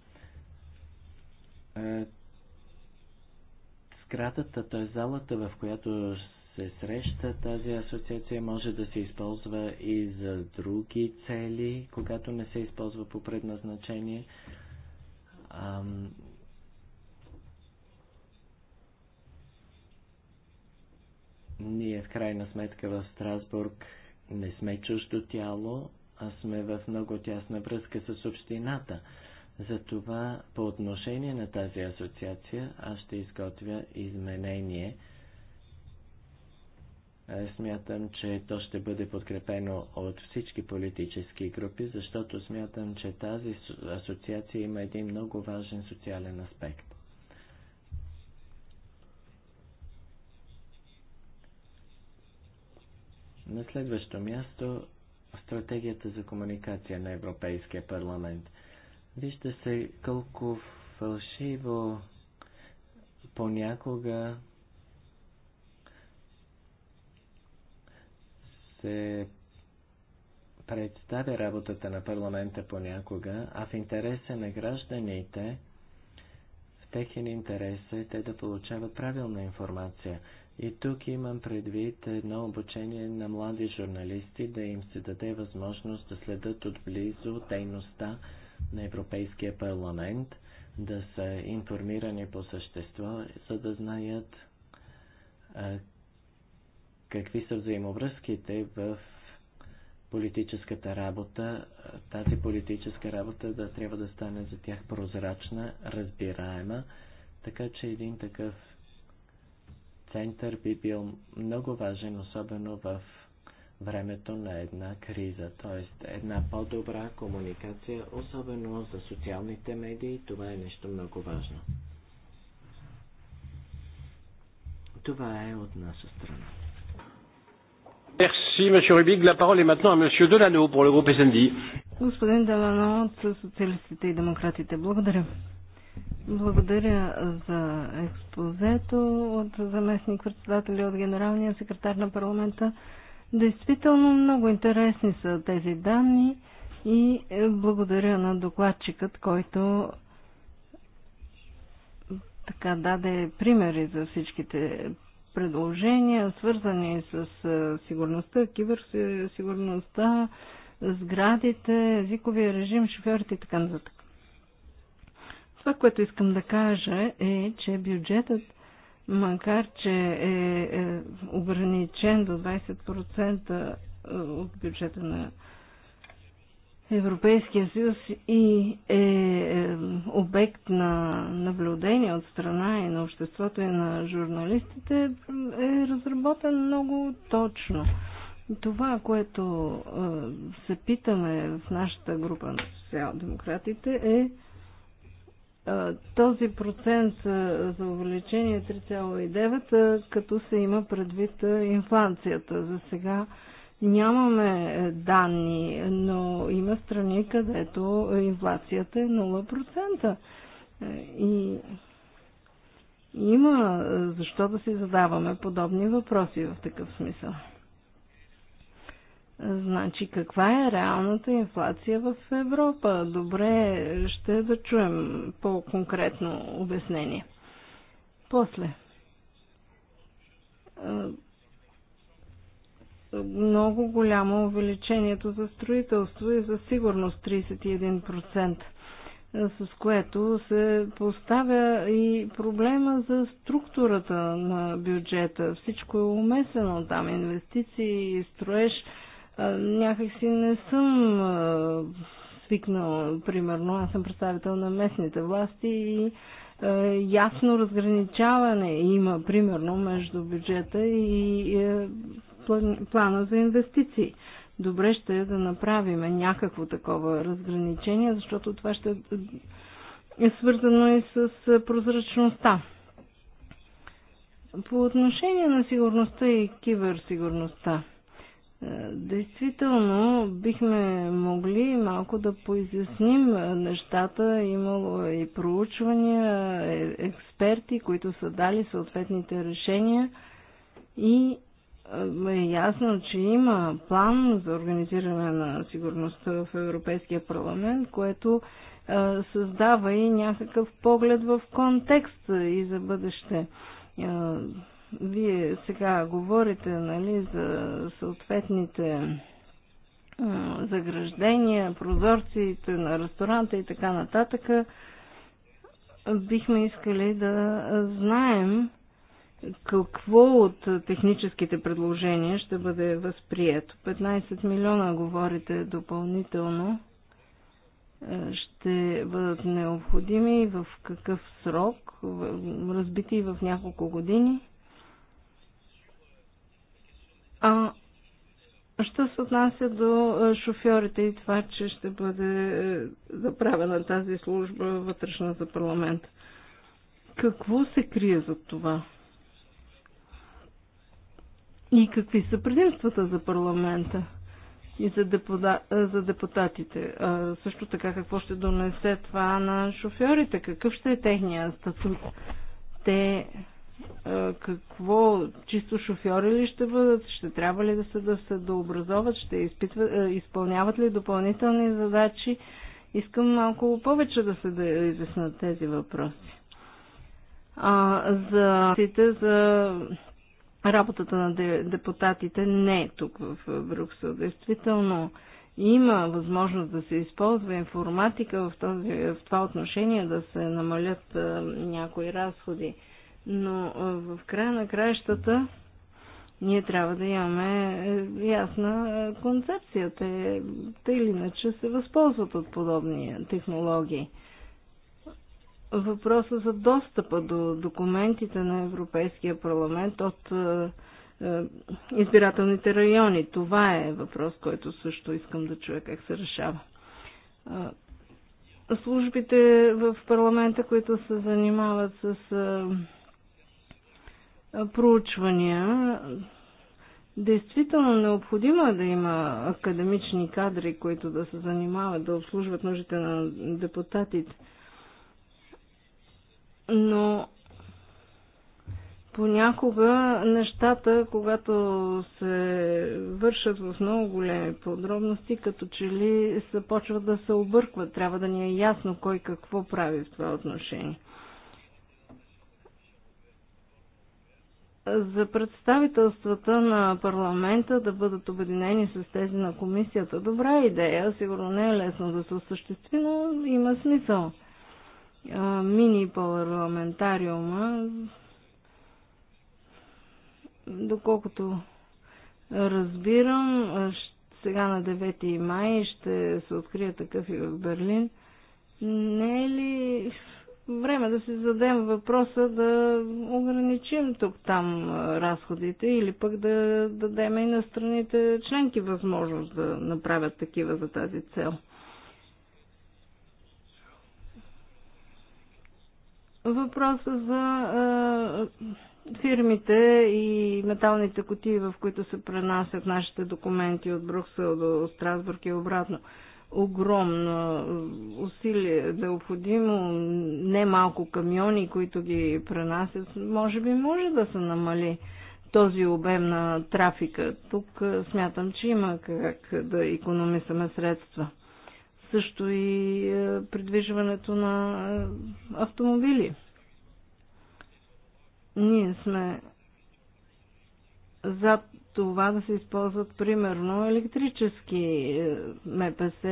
Е, сградата, т.е. залата, в която се среща, тази асоциация може да се използва и за други цели, когато не се използва по предназначение. Ам... Ние в крайна сметка в Страсбург не сме чуждо тяло, а сме в много тясна връзка с общината. Затова по отношение на тази асоциация аз ще изготвя изменение – е, смятам, че то ще бъде подкрепено от всички политически групи, защото смятам, че тази асоциация има един много важен социален аспект. На следващо място стратегията за комуникация на Европейския парламент. Вижте се колко фалшиво понякога се представя работата на парламента понякога, а в интереса на гражданите, в техен интерес е те да получават правилна информация. И тук имам предвид едно обучение на млади журналисти, да им се даде възможност да следят отблизо дейността на Европейския парламент, да са информирани по същество, за да знаят какви са взаимовръзките в политическата работа, тази политическа работа да трябва да стане за тях прозрачна, разбираема, така че един такъв център би бил много важен, особено в времето на една криза, т.е. една по-добра комуникация, особено за социалните медии, това е нещо много важно. Това е от наша страна. Merci, Monsieur Rubig. La parole est maintenant à Monsieur Delano pour le groupe SND. Господин Делано от Социалистите и Демократите, благодаря. Благодаря за експозето от заместник председателя от генералния секретар на парламента. Действително много интересни са тези данни и благодаря на докладчикът, който така даде примери за всичките предложения, свързани с сигурността, киберсигурността, сградите, езиковия режим, шофьорите и така нататък. Това, което искам да кажа е, че бюджетът, макар че е, е ограничен до 20% от бюджета на Европейския съюз и е, е обект на наблюдение от страна и на обществото и на журналистите е разработен много точно. Това, което е, се питаме в нашата група на социал-демократите е, е този процент за увеличение 3,9, като се има предвид инфлацията. За сега нямаме е, данни, но има страни, където инфлацията е 0%. Е, и има е, защо да си задаваме подобни въпроси в такъв смисъл. Значи, каква е реалната инфлация в Европа? Добре, ще да чуем по-конкретно обяснение. После много голямо увеличението за строителство и за сигурност 31%, с което се поставя и проблема за структурата на бюджета. Всичко е умесено там, инвестиции, строеж. Някакси не съм свикнала, примерно, аз съм представител на местните власти и ясно разграничаване има, примерно, между бюджета и плана за инвестиции. Добре ще е да направим някакво такова разграничение, защото това ще е свързано и с прозрачността. По отношение на сигурността и киберсигурността, е, действително бихме могли малко да поизясним нещата. Имало е и проучвания, е, експерти, които са дали съответните решения и е ясно, че има план за организиране на сигурността в Европейския парламент, което създава и някакъв поглед в контекст и за бъдеще. Вие сега говорите нали, за съответните заграждения, прозорците на ресторанта и така нататък. Бихме искали да знаем какво от техническите предложения ще бъде възприето. 15 милиона, говорите допълнително, е, ще бъдат необходими в какъв срок, разбити в няколко години. А що се отнася до е, шофьорите и това, че ще бъде е, заправена тази служба вътрешна за парламент? Какво се крие за това? И какви са предимствата за парламента и за, депута, за депутатите? А, също така, какво ще донесе това на шофьорите? Какъв ще е техния статут? Те а, какво, чисто шофьори ли ще бъдат? Ще трябва ли да се, да се дообразоват? Ще изпитват, а, изпълняват ли допълнителни задачи? Искам малко повече да се да изяснат тези въпроси. А, за, за работата на депутатите не е тук в Брюксел. Действително има възможност да се използва информатика в, този, в това отношение, да се намалят някои разходи. Но в края на краищата ние трябва да имаме е, ясна е, концепция. Те, те или иначе се възползват от подобни технологии въпроса за достъпа до документите на Европейския парламент от е, е, избирателните райони. Това е въпрос, който също искам да чуя как се решава. Е, службите в парламента, които се занимават с проучвания, действително необходимо е да има академични кадри, които да се занимават, да обслужват нуждите на депутатите но понякога нещата, когато се вършат в много големи подробности, като че ли се почват да се объркват. Трябва да ни е ясно кой какво прави в това отношение. За представителствата на парламента да бъдат обединени с тези на комисията. Добра идея, сигурно не е лесно да се осъществи, но има смисъл мини парламентариума. Доколкото разбирам, сега на 9 май ще се открие такъв и в Берлин. Не е ли време да си задем въпроса да ограничим тук-там разходите или пък да дадем и на страните членки възможност да направят такива за тази цел? Въпроса за фирмите и металните кутии, в които се пренасят нашите документи от Брюксел до Страсбург и обратно. Огромно усилие Да необходимо, не малко камиони, които ги пренасят. Може би може да се намали този обем на трафика. Тук смятам, че има как да економисаме средства също и е, придвижването на е, автомобили. Ние сме за това да се използват примерно електрически е, МПС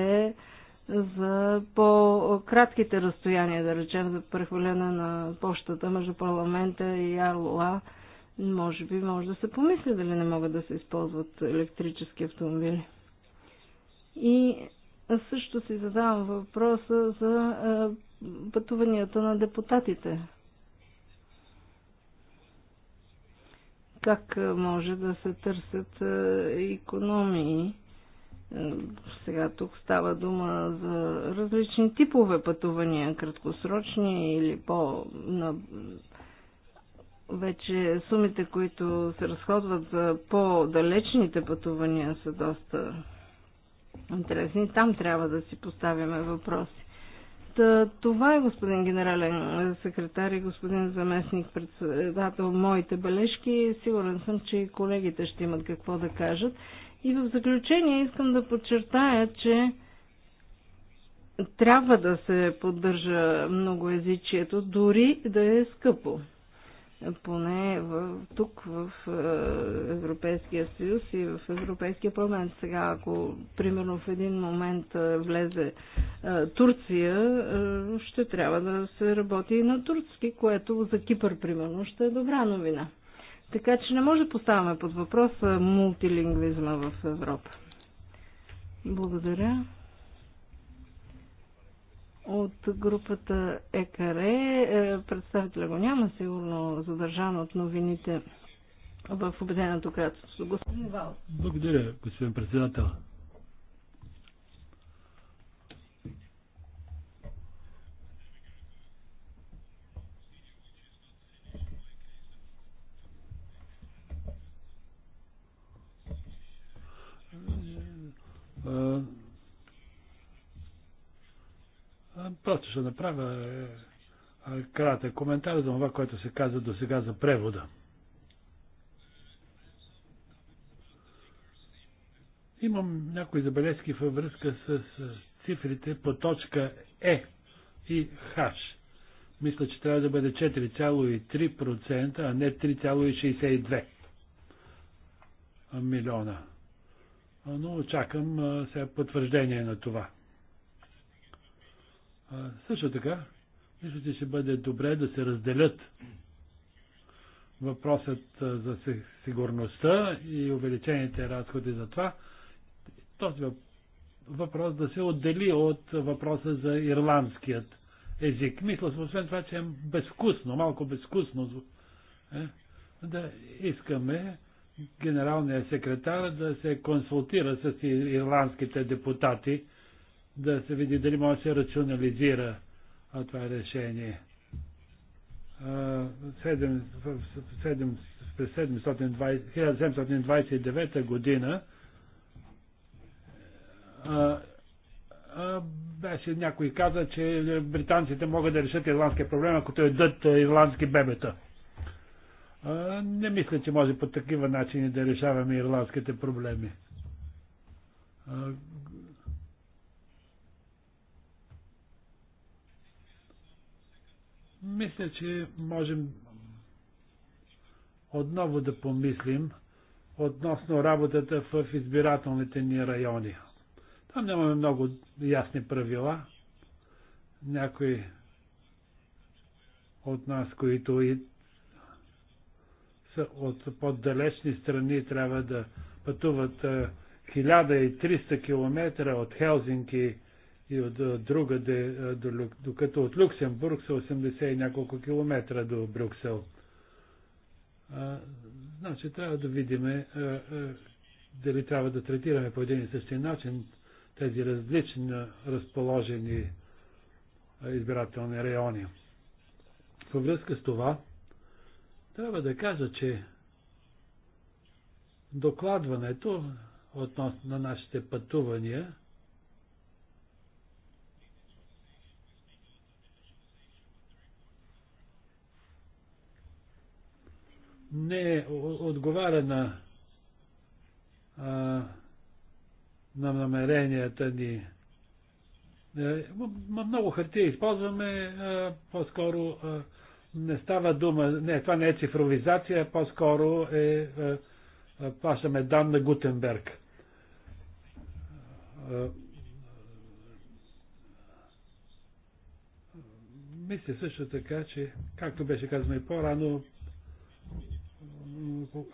за по-кратките разстояния, да речем, за прехвалена на почтата между парламента и Арлоа. Може би може да се помисли дали не могат да се използват електрически автомобили. И аз също си задавам въпроса за пътуванията на депутатите. Как може да се търсят економии? Сега тук става дума за различни типове пътувания, краткосрочни или по... На... Вече сумите, които се разходват за по-далечните пътувания са доста интересни. Там трябва да си поставяме въпроси. Та, това е, господин генерален е, секретар и господин заместник председател, моите бележки. Сигурен съм, че и колегите ще имат какво да кажат. И в заключение искам да подчертая, че трябва да се поддържа многоязичието, дори да е скъпо поне в, тук в е, Европейския съюз и в Европейския парламент. Сега, ако примерно в един момент е, влезе е, Турция, ще трябва да се работи и на турски, което за Кипър примерно ще е добра новина. Така че не може да поставяме под въпрос мултилингвизма в Европа. Благодаря от групата ЕКАРЕ. Е, представителя го няма, сигурно задържан от новините в Обединеното кралство. Господин Вал. Благодаря, господин председател. Uh Просто ще направя е, е, кратък коментар за това, което се каза до сега за превода. Имам някои забележки във връзка с е, цифрите по точка Е и Х. Мисля, че трябва да бъде 4,3%, а не 3,62 милиона. Но очаквам сега потвърждение на това. А, също така, мисля, че ще бъде добре да се разделят въпросът за сигурността и увеличените разходи за това. Този въпрос да се отдели от въпроса за ирландският език. Мисля, освен това, че е безвкусно, малко безвкусно е, да искаме генералния секретар да се консултира с ирландските депутати да се види дали може да се рационализира а, това решение. през 1729 година а, а, беше някой каза, че британците могат да решат ирландския проблем, ако той е дадат ирландски бебета. А, не мисля, че може по такива начини да решаваме ирландските проблеми. Мисля, че можем отново да помислим относно работата в избирателните ни райони. Там нямаме много ясни правила. Някои от нас, които и са от по-далечни страни, трябва да пътуват 1300 км от Хелзинки и от другаде, докато от Люксембург са 80 и няколко километра до Брюксел. А, значи трябва да видим а, а, дали трябва да третираме по един и същи начин тези различни разположени избирателни райони. Във връзка с това, трябва да кажа, че докладването относно на нашите пътувания не отговаря на, а, на намеренията ни. Е, много хартия използваме, по-скоро не става дума, не, това не е цифровизация, по-скоро е, плащаме дан на Гутенберг. Мисля също така, че, както беше казано и по-рано,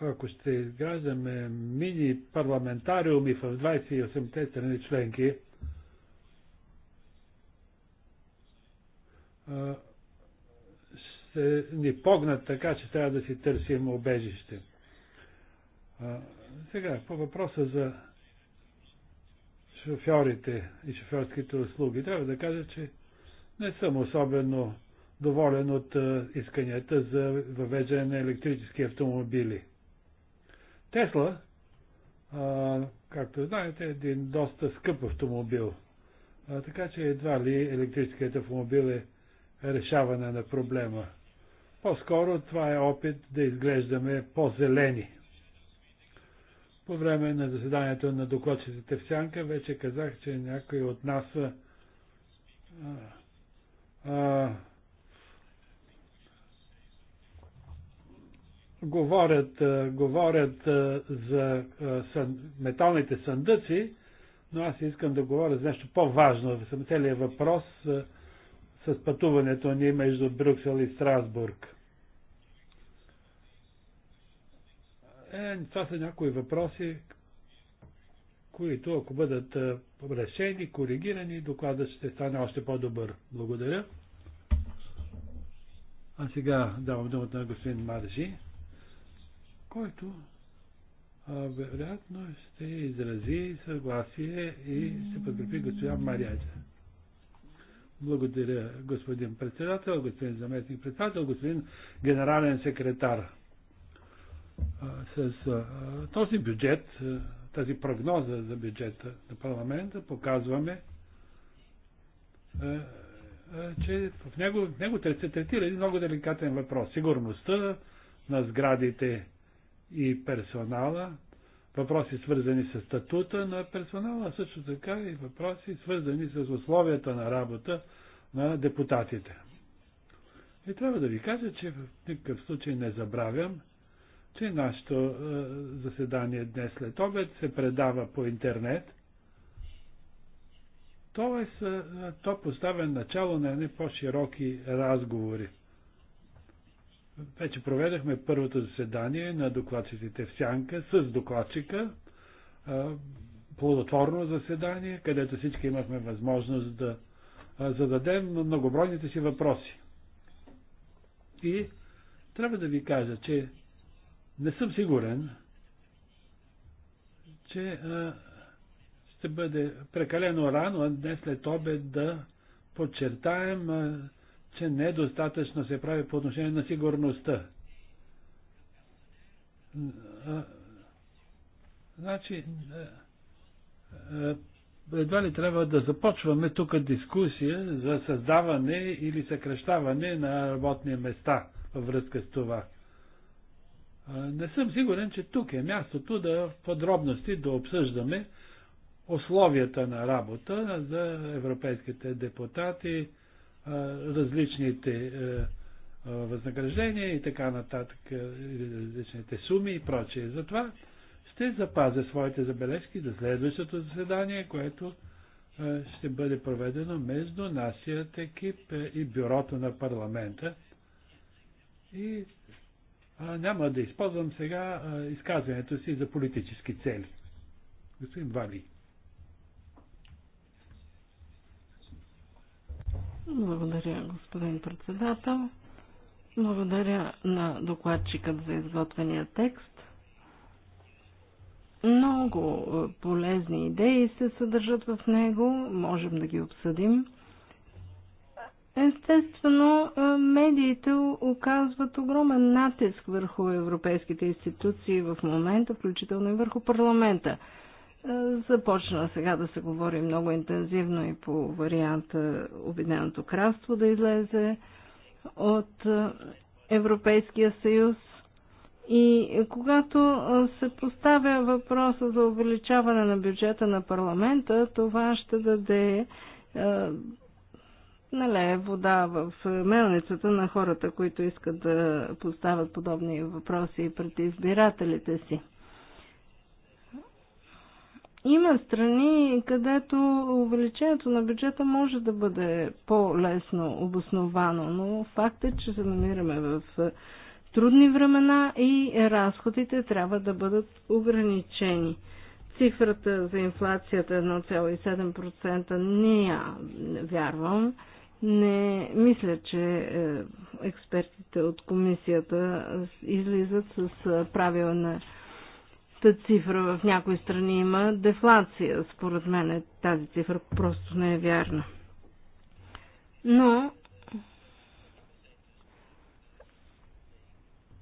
ако ще изграждаме мини парламентариуми в 28-те страни членки, ще ни погнат така, че трябва да си търсим обежище. Сега, по въпроса за шофьорите и шофьорските услуги, трябва да кажа, че не съм особено доволен от исканията за въвеждане на електрически автомобили. Тесла, както знаете, е един доста скъп автомобил. Така че едва ли електрическият автомобил е решаване на проблема. По-скоро това е опит да изглеждаме по-зелени. По време на заседанието на докладчиците в Сянка вече казах, че някои от нас а, а, говорят, говорят за металните съндъци, но аз искам да говоря за нещо по-важно. Целият въпрос с пътуването ни между Брюксел и Страсбург. Е, това са някои въпроси, които ако бъдат решени, коригирани, докладът ще стане още по-добър. Благодаря. А сега давам думата на господин Маржи който а, вероятно ще изрази съгласие и ще подкрепи госпожа Марията. Благодаря, господин председател, господин заместник председател, господин генерален секретар. с а, този бюджет, тази прогноза за бюджета на парламента показваме, а, че в него, него се третира един много деликатен въпрос. Сигурността на сградите, и персонала, въпроси свързани с статута на персонала, също така и въпроси свързани с условията на работа на депутатите. И трябва да ви кажа, че в никакъв случай не забравям, че нашето е, заседание днес след обед се предава по интернет. Тоест, е, то поставя начало на не по-широки разговори. Вече проведахме първото заседание на докладчиците в Сянка с докладчика. Плодотворно заседание, където всички имахме възможност да зададем многобройните си въпроси. И трябва да ви кажа, че не съм сигурен, че ще бъде прекалено рано, днес след обед да подчертаем а, че недостатъчно се прави по отношение на сигурността. Значи, едва ли трябва да започваме тук дискусия за създаване или съкрещаване на работни места във връзка с това. Не съм сигурен, че тук е мястото да в подробности да обсъждаме условията на работа за европейските депутати, различните възнаграждения и така нататък, различните суми и прочее. Затова ще запазя своите забележки за следващото заседание, което ще бъде проведено между нашият екип и бюрото на парламента. И а, няма да използвам сега а, изказването си за политически цели. Господин Вали. Благодаря, господин председател. Благодаря на докладчикът за изготвения текст. Много полезни идеи се съдържат в него, можем да ги обсъдим. Естествено, медиите оказват огромен натиск върху европейските институции в момента, включително и върху парламента. Е, започна сега да се говори много интензивно и по варианта Обединеното кралство да излезе от е, Европейския съюз. И когато е, се поставя въпроса за увеличаване на бюджета на парламента, това ще даде нали, вода в мелницата на хората, които искат да поставят подобни въпроси пред избирателите си. Има страни, където увеличението на бюджета може да бъде по-лесно обосновано, но факт е, че се намираме в е, трудни времена и разходите трябва да бъдат ограничени. Цифрата за инфлацията 1,7% е не я вярвам. Не мисля, че е, експертите от комисията излизат с правилна цифра в някои страни има дефлация. Според мен тази цифра просто не е вярна. Но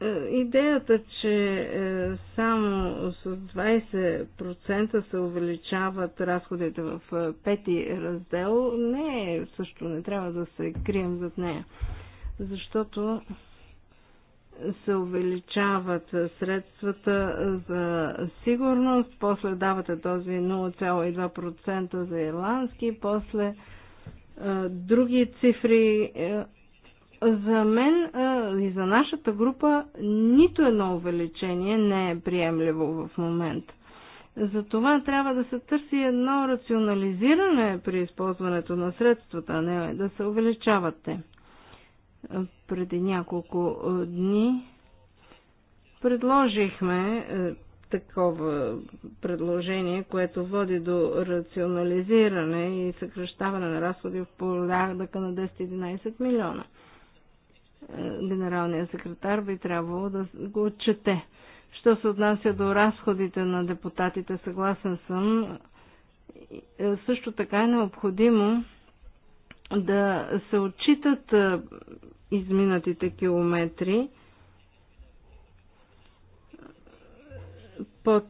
е, идеята, че е, само с 20% се увеличават разходите в е, пети раздел, не е също, не трябва да се крием зад нея. Защото се увеличават средствата за сигурност, после давате този 0,2% за ирландски, после е, други цифри. Е, за мен е, и за нашата група нито едно увеличение не е приемливо в момента. Затова трябва да се търси едно рационализиране при използването на средствата, а не да се увеличават те преди няколко дни предложихме такова предложение, което води до рационализиране и съкръщаване на разходи в порядъка на 10-11 милиона. Генералният секретар би трябвало да го отчете. Що се отнася до разходите на депутатите, съгласен съм. Също така е необходимо да се отчитат изминатите километри под,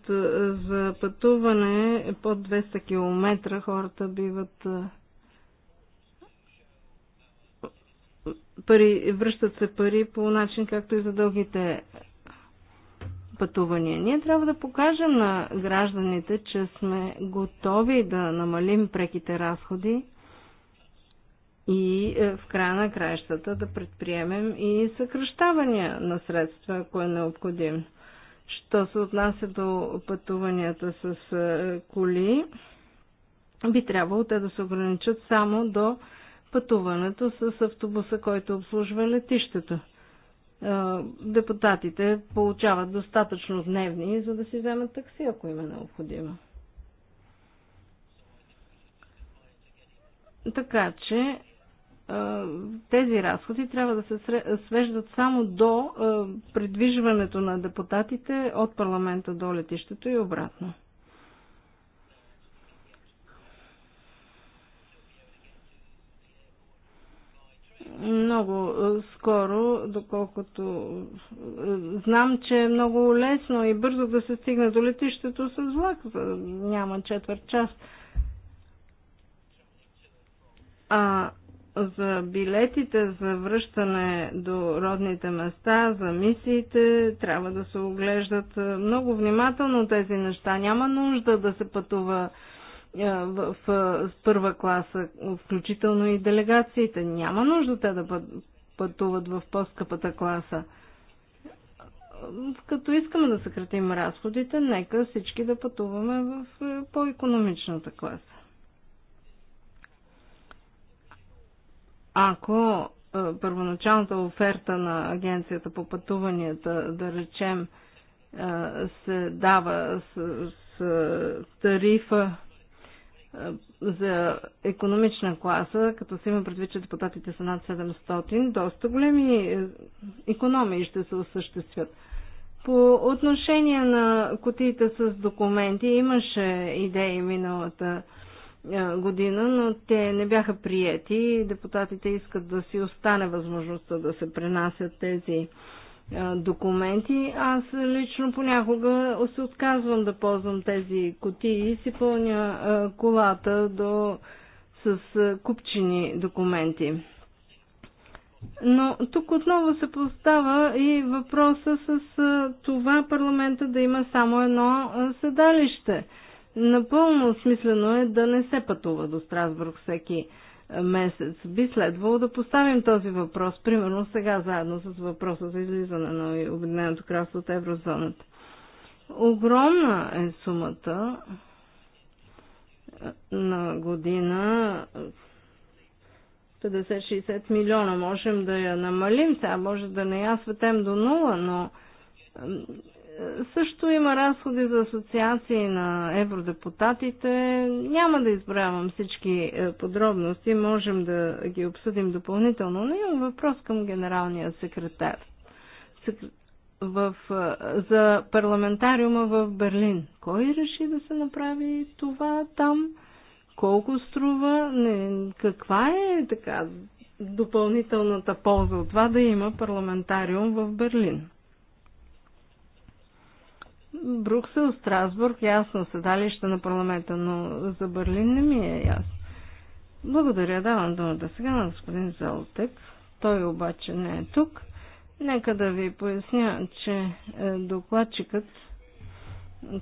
за пътуване под 200 км хората биват пари, връщат се пари по начин както и за дългите пътувания. Ние трябва да покажем на гражданите, че сме готови да намалим преките разходи и е, в края на краищата да предприемем и съкръщавания на средства, ако е необходимо. Що се отнася до пътуванията с е, коли, би трябвало те да се ограничат само до пътуването с автобуса, който обслужва летището. Е, депутатите получават достатъчно дневни, за да си вземат такси, ако им е необходимо. Така че тези разходи трябва да се свеждат само до придвижването на депутатите от парламента до летището и обратно. много скоро, доколкото знам, че е много лесно и бързо да се стигне до летището с влак. Няма четвърт час. А за билетите за връщане до родните места, за мисиите, трябва да се оглеждат е, много внимателно тези неща. Няма нужда да се пътува е, в е, първа класа, включително и делегациите. Няма нужда те да пътуват в по-скъпата класа. Като искаме да съкратим разходите, нека всички да пътуваме в по-економичната класа. Ако първоначалната оферта на агенцията по пътуванията, да речем, се дава с, с тарифа за економична класа, като се има предвид, че депутатите са над 700, доста големи економии ще се осъществят. По отношение на котиите с документи имаше идеи миналата година, но те не бяха приети депутатите искат да си остане възможността да се пренасят тези документи. Аз лично понякога се отказвам да ползвам тези кутии и си пълня колата до, с купчени документи. Но тук отново се поставя и въпроса с това парламента да има само едно седалище – Напълно смислено е да не се пътува до Страсбург всеки е, месец. Би следвало да поставим този въпрос, примерно сега заедно с въпроса за излизане на Обединеното кралство от еврозоната. Огромна е сумата е, на година 50-60 милиона. Можем да я намалим сега, може да не я светем до нула, но също има разходи за асоциации на евродепутатите. Няма да избравам всички е, подробности, можем да ги обсъдим допълнително, но имам въпрос към генералния секретар в, е, за парламентариума в Берлин. Кой реши да се направи това там? Колко струва? Не, каква е така допълнителната полза от това да има парламентариум в Берлин? Бруксел, Страсбург, ясно, седалище на парламента, но за Берлин не ми е ясно. Благодаря, давам думата сега на господин Залтек. Той обаче не е тук. Нека да ви поясня, че е, докладчикът,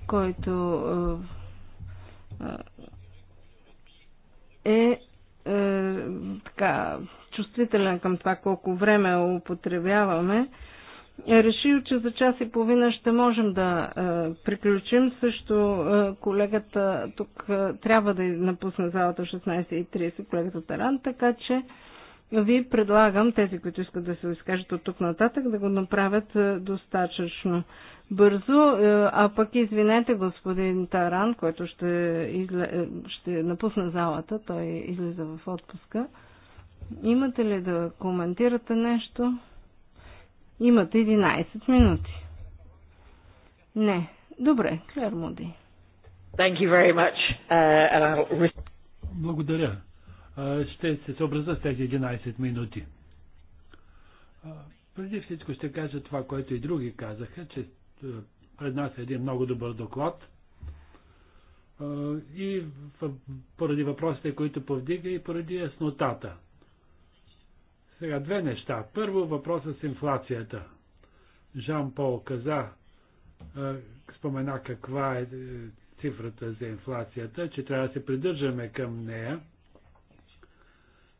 който е, е, е така чувствителен към това колко време употребяваме, е решил, че за час и половина ще можем да е, приключим. Също е, колегата тук е, трябва да напусне залата 16.30, колегата Таран, така че ви предлагам тези, които искат да се изкажат от тук нататък, да го направят е, достатъчно бързо. Е, а пък извинете господин Таран, който ще, изле, е, ще напусне залата, той излиза в отпуска. Имате ли да коментирате нещо? Имате 11 минути. Не. Добре, Клер Муди. Thank you very much. Uh, and I'll... Благодаря. Uh, ще се съобразя с тези 11 минути. Uh, преди всичко ще кажа това, което и други казаха, че пред нас е един много добър доклад. Uh, и поради въпросите, които повдига, и поради яснотата. Сега две неща. Първо въпроса с инфлацията. Жан Пол каза, спомена каква е, е цифрата за инфлацията, че трябва да се придържаме към нея.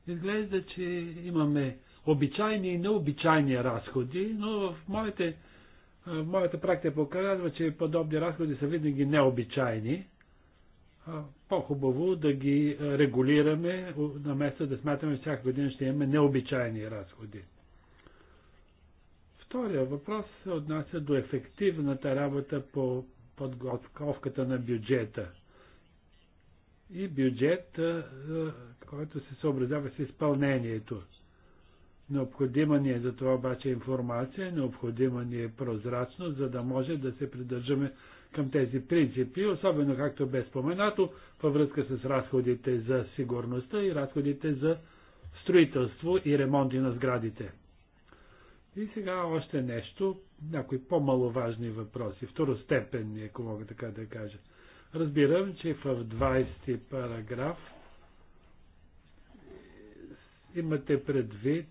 Изглежда, че имаме обичайни и необичайни разходи, но в моите, моята практика показва, че подобни разходи са винаги необичайни по-хубаво да ги регулираме, на место да смятаме, че всяка година ще имаме необичайни разходи. Втория въпрос се отнася до ефективната работа по подготовката на бюджета. И бюджет, който се съобразява с изпълнението. Необходима ни е за това обаче информация, необходима ни е прозрачност, за да може да се придържаме към тези принципи, особено както бе споменато, във връзка с разходите за сигурността и разходите за строителство и ремонти на сградите. И сега още нещо, някои по-маловажни въпроси, второстепенни, ако мога така да кажа. Разбирам, че в 20 параграф имате предвид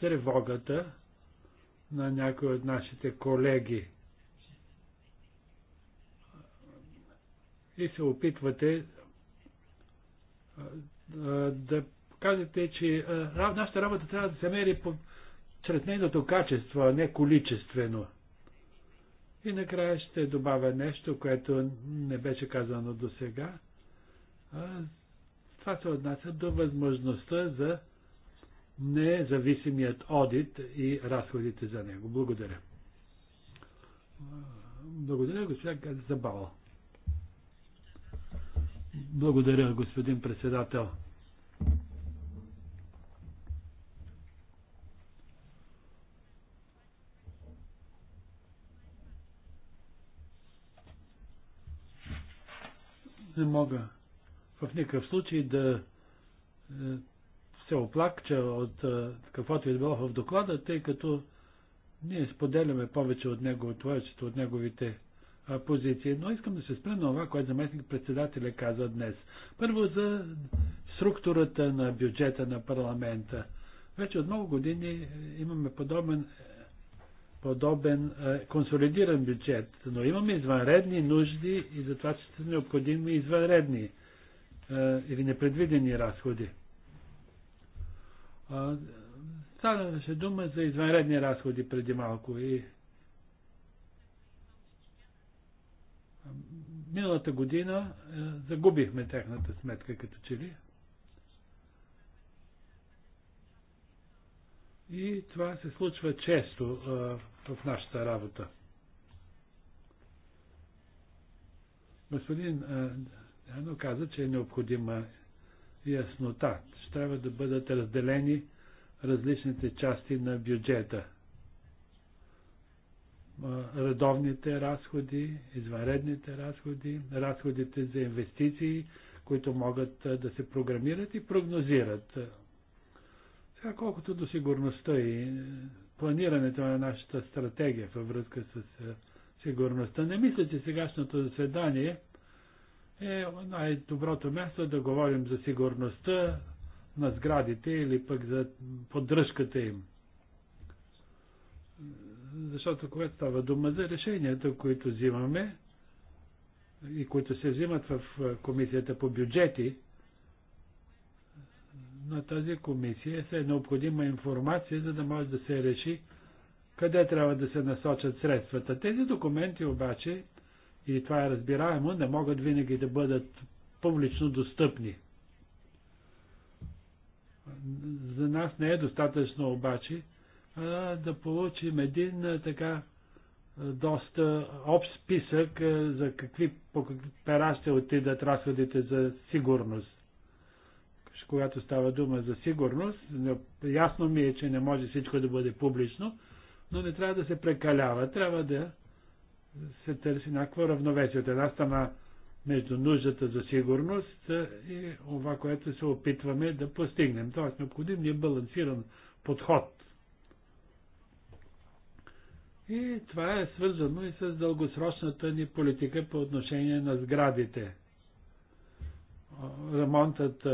тревогата на някои от нашите колеги и се опитвате да кажете, че нашата работа трябва да се мери по, чрез нейното качество, а не количествено. И накрая ще добавя нещо, което не беше казано до сега. Това се отнася до възможността за независимият одит и разходите за него. Благодаря. Благодаря, господин Забава. Благодаря, господин председател. Не мога в никакъв случай да е, се оплакча от е, каквото е било в доклада, тъй като ние споделяме повече от него, от творчеството, от неговите позиции, но искам да се спра на това, което заместник председателя каза днес. Първо за структурата на бюджета на парламента. Вече от много години имаме подобен, подобен консолидиран бюджет, но имаме извънредни нужди и затова ще са необходими извънредни или непредвидени разходи. Ставаше дума за извънредни разходи преди малко и миналата година е, загубихме техната сметка като че ли. И това се случва често е, в нашата работа. Господин е, Дано каза, че е необходима яснота. Ще трябва да бъдат разделени различните части на бюджета – редовните разходи, извънредните разходи, разходите за инвестиции, които могат да се програмират и прогнозират. Сега колкото до сигурността и е, планирането на нашата стратегия във връзка с е, сигурността, не мисля, че сегашното заседание е най-доброто място да говорим за сигурността на сградите или пък за поддръжката им защото когато става дума за решенията, които взимаме и които се взимат в комисията по бюджети, на тази комисия се е необходима информация, за да може да се реши къде трябва да се насочат средствата. Тези документи обаче, и това е разбираемо, не могат винаги да бъдат публично достъпни. За нас не е достатъчно обаче да получим един така доста общ списък за какви, по какви пера ще отидат разходите за сигурност. Когато става дума за сигурност, ясно ми е, че не може всичко да бъде публично, но не трябва да се прекалява. Трябва да се търси някаква равновесие. От една страна между нуждата за сигурност и това, което се опитваме да постигнем. Тоест, необходим ни е балансиран подход и това е свързано и с дългосрочната ни политика по отношение на сградите. Ремонтът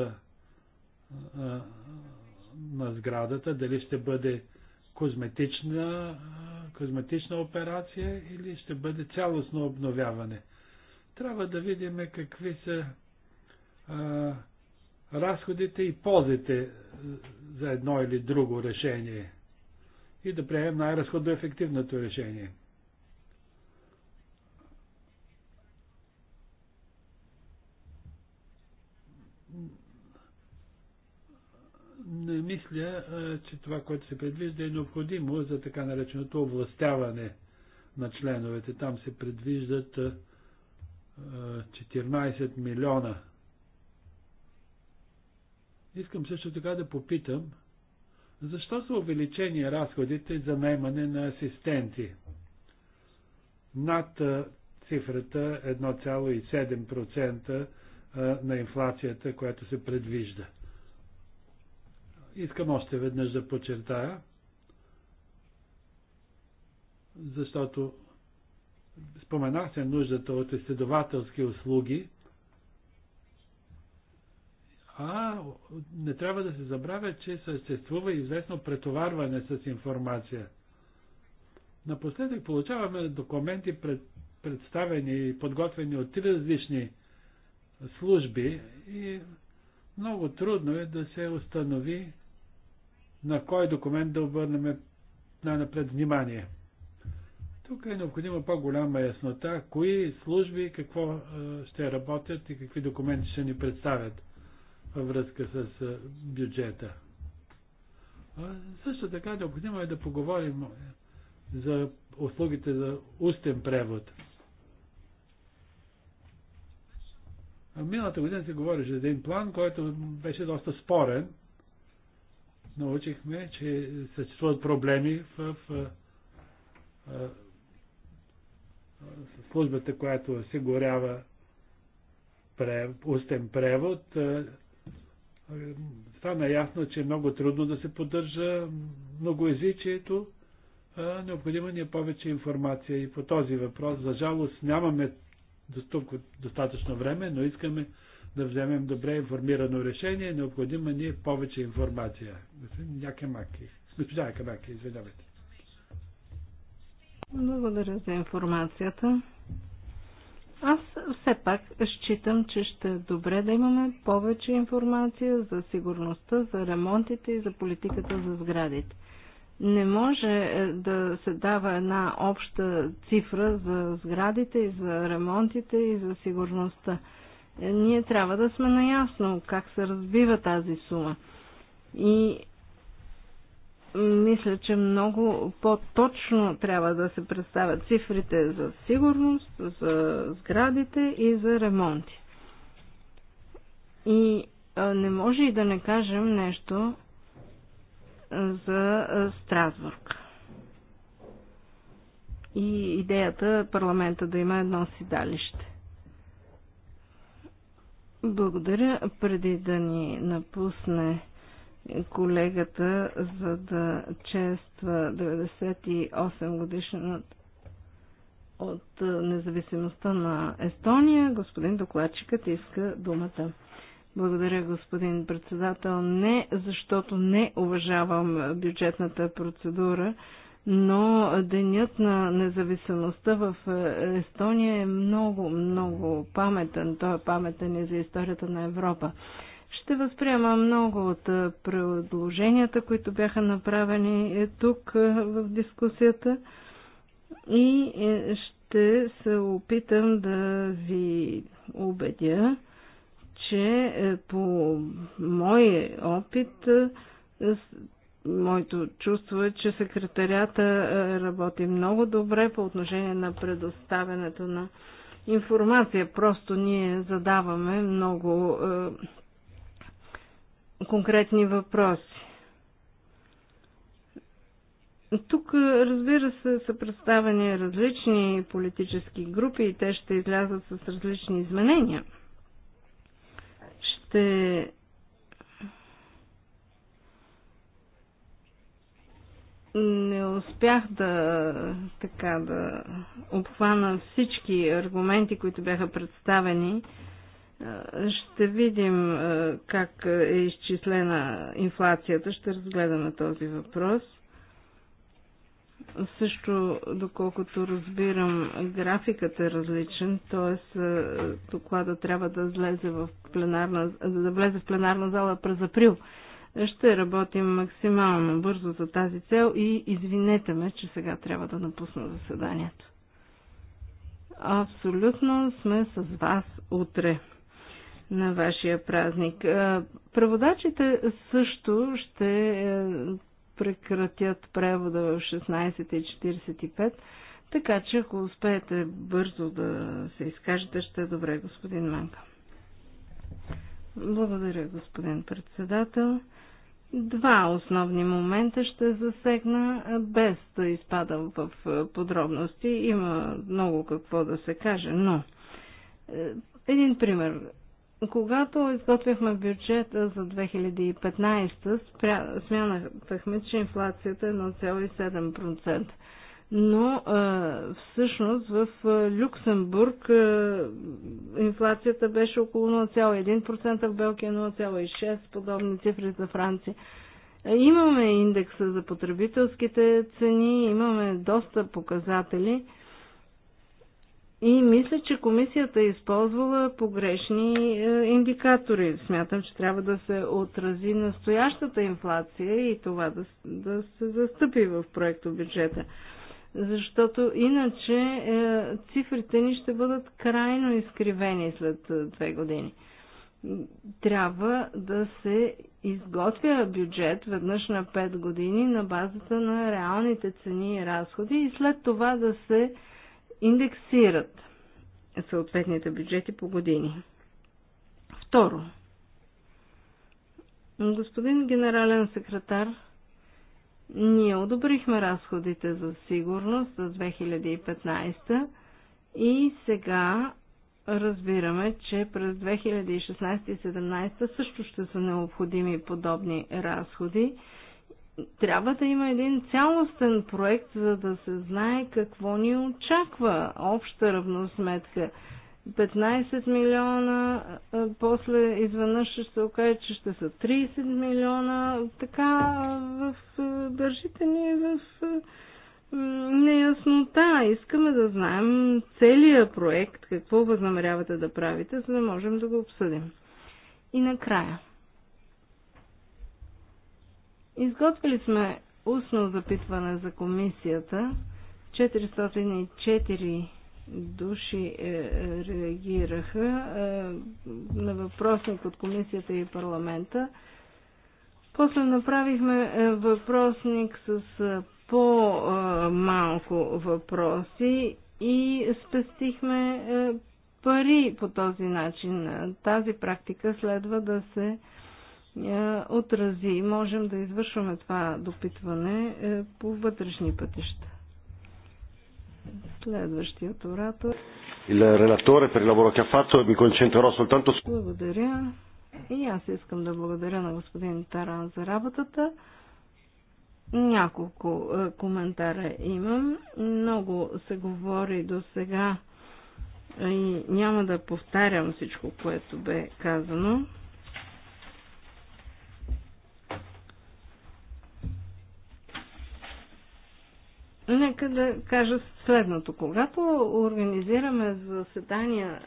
на сградата, дали ще бъде козметична, козметична операция или ще бъде цялостно обновяване. Трябва да видим какви са а, разходите и ползите за едно или друго решение и да приемем най-разходно ефективното решение. Не мисля, че това, което се предвижда, е необходимо за така нареченото областяване на членовете. Там се предвиждат 14 милиона. Искам също така да попитам, защо са увеличени разходите за наймане на асистенти? Над цифрата 1,7% е на инфлацията, която се предвижда. Искам още веднъж да подчертая, защото споменах се нуждата от изследователски услуги – а не трябва да се забравя, че съществува известно претоварване с информация. Напоследък получаваме документи, пред, представени и подготвени от три различни служби и много трудно е да се установи на кой документ да обърнем най-напред внимание. Тук е необходима по-голяма яснота, кои служби какво ще работят и какви документи ще ни представят във връзка с бюджета. Също така необходимо е да поговорим за услугите за устен превод. Миналата година се говореше за един план, който беше доста спорен. Научихме, че съществуват проблеми в, в, в службата, която осигурява прев, устен превод. Е, стана ясно, че е много трудно да се поддържа многоязичието. Необходима ни е повече информация и по този въпрос. За жалост нямаме достатъчно време, но искаме да вземем добре информирано решение. Необходима ни е повече информация. маки. Госпожа Якемаки, извинявайте. Благодаря за информацията. Аз все пак считам, че ще е добре да имаме повече информация за сигурността, за ремонтите и за политиката за сградите. Не може е, да се дава една обща цифра за сградите и за ремонтите и за сигурността. Е, ние трябва да сме наясно как се разбива тази сума. И мисля, че много по-точно трябва да се представят цифрите за сигурност, за сградите и за ремонти. И не може и да не кажем нещо за Страсбург. И идеята е парламента да има едно седалище. Благодаря. Преди да ни напусне колегата, за да чества 98 годишният от независимостта на Естония. Господин докладчикът иска думата. Благодаря, господин председател. Не защото не уважавам бюджетната процедура, но денят на независимостта в Естония е много, много паметен. Той е паметен и за историята на Европа. Ще възприема много от предложенията, които бяха направени е, тук в дискусията и е, ще се опитам да ви убедя, че е, по мой опит, моето чувство е, че секретарята работи много добре по отношение на предоставянето на информация. Просто ние задаваме много конкретни въпроси. Тук, разбира се, са представени различни политически групи и те ще излязат с различни изменения. Ще не успях да така да обхвана всички аргументи, които бяха представени ще видим е, как е изчислена инфлацията. Ще разгледаме този въпрос. Също, доколкото разбирам, графикът е различен, т.е. Е, доклада трябва да влезе в пленарна, да влезе в пленарна зала през април. Ще работим максимално бързо за тази цел и извинете ме, че сега трябва да напусна заседанието. Абсолютно сме с вас утре на вашия празник. Преводачите също ще е, прекратят превода в 16.45, така че ако успеете бързо да се изкажете, ще е добре, господин Манка. Благодаря, господин председател. Два основни момента ще засегна, без да изпадам в подробности. Има много какво да се каже, но е, един пример. Когато изготвяхме бюджета за 2015, смятахме, че инфлацията е 1,7%. Но всъщност в Люксембург инфлацията беше около 0,1%, в Белгия 0,6%, подобни цифри за Франция. Имаме индекса за потребителските цени, имаме доста показатели – и мисля, че комисията е използвала погрешни е, индикатори. Смятам, че трябва да се отрази настоящата инфлация и това да, да се застъпи в проекто бюджета. Защото иначе е, цифрите ни ще бъдат крайно изкривени след е, две години. Трябва да се изготвя бюджет веднъж на 5 години на базата на реалните цени и разходи и след това да се индексират съответните бюджети по години. Второ, господин генерален секретар, ние одобрихме разходите за сигурност за 2015 и сега разбираме, че през 2016 и 2017 също ще са необходими подобни разходи трябва да има един цялостен проект, за да се знае какво ни очаква обща равносметка. 15 милиона, после изведнъж ще се окаже, че ще са 30 милиона. Така в, държите ни е в неяснота. Искаме да знаем целият проект, какво възнамерявате да правите, за да можем да го обсъдим. И накрая – Изготвили сме устно запитване за комисията. 404 души е, е, реагираха е, на въпросник от комисията и парламента. После направихме въпросник с по-малко въпроси и спестихме пари по този начин. Тази практика следва да се е, отрази. Можем да извършваме това допитване е, по вътрешни пътища. Следващият оратор. Il relatore per il lavoro che ha fatto mi concentrerò soltanto su... Благодаря. И аз искам да благодаря на господин Таран за работата. Няколко е, коментара имам. Много се говори до сега и няма да повтарям всичко, което бе казано. Нека да кажа следното. Когато организираме заседания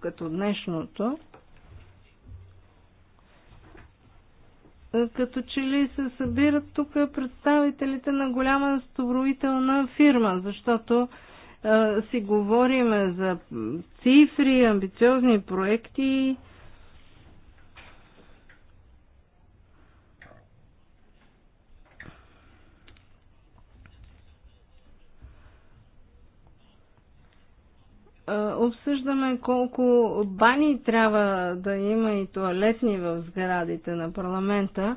като днешното, като че ли се събират тук представителите на голяма строителна фирма, защото е, си говориме за цифри, амбициозни проекти, обсъждаме колко бани трябва да има и туалетни в сградите на парламента,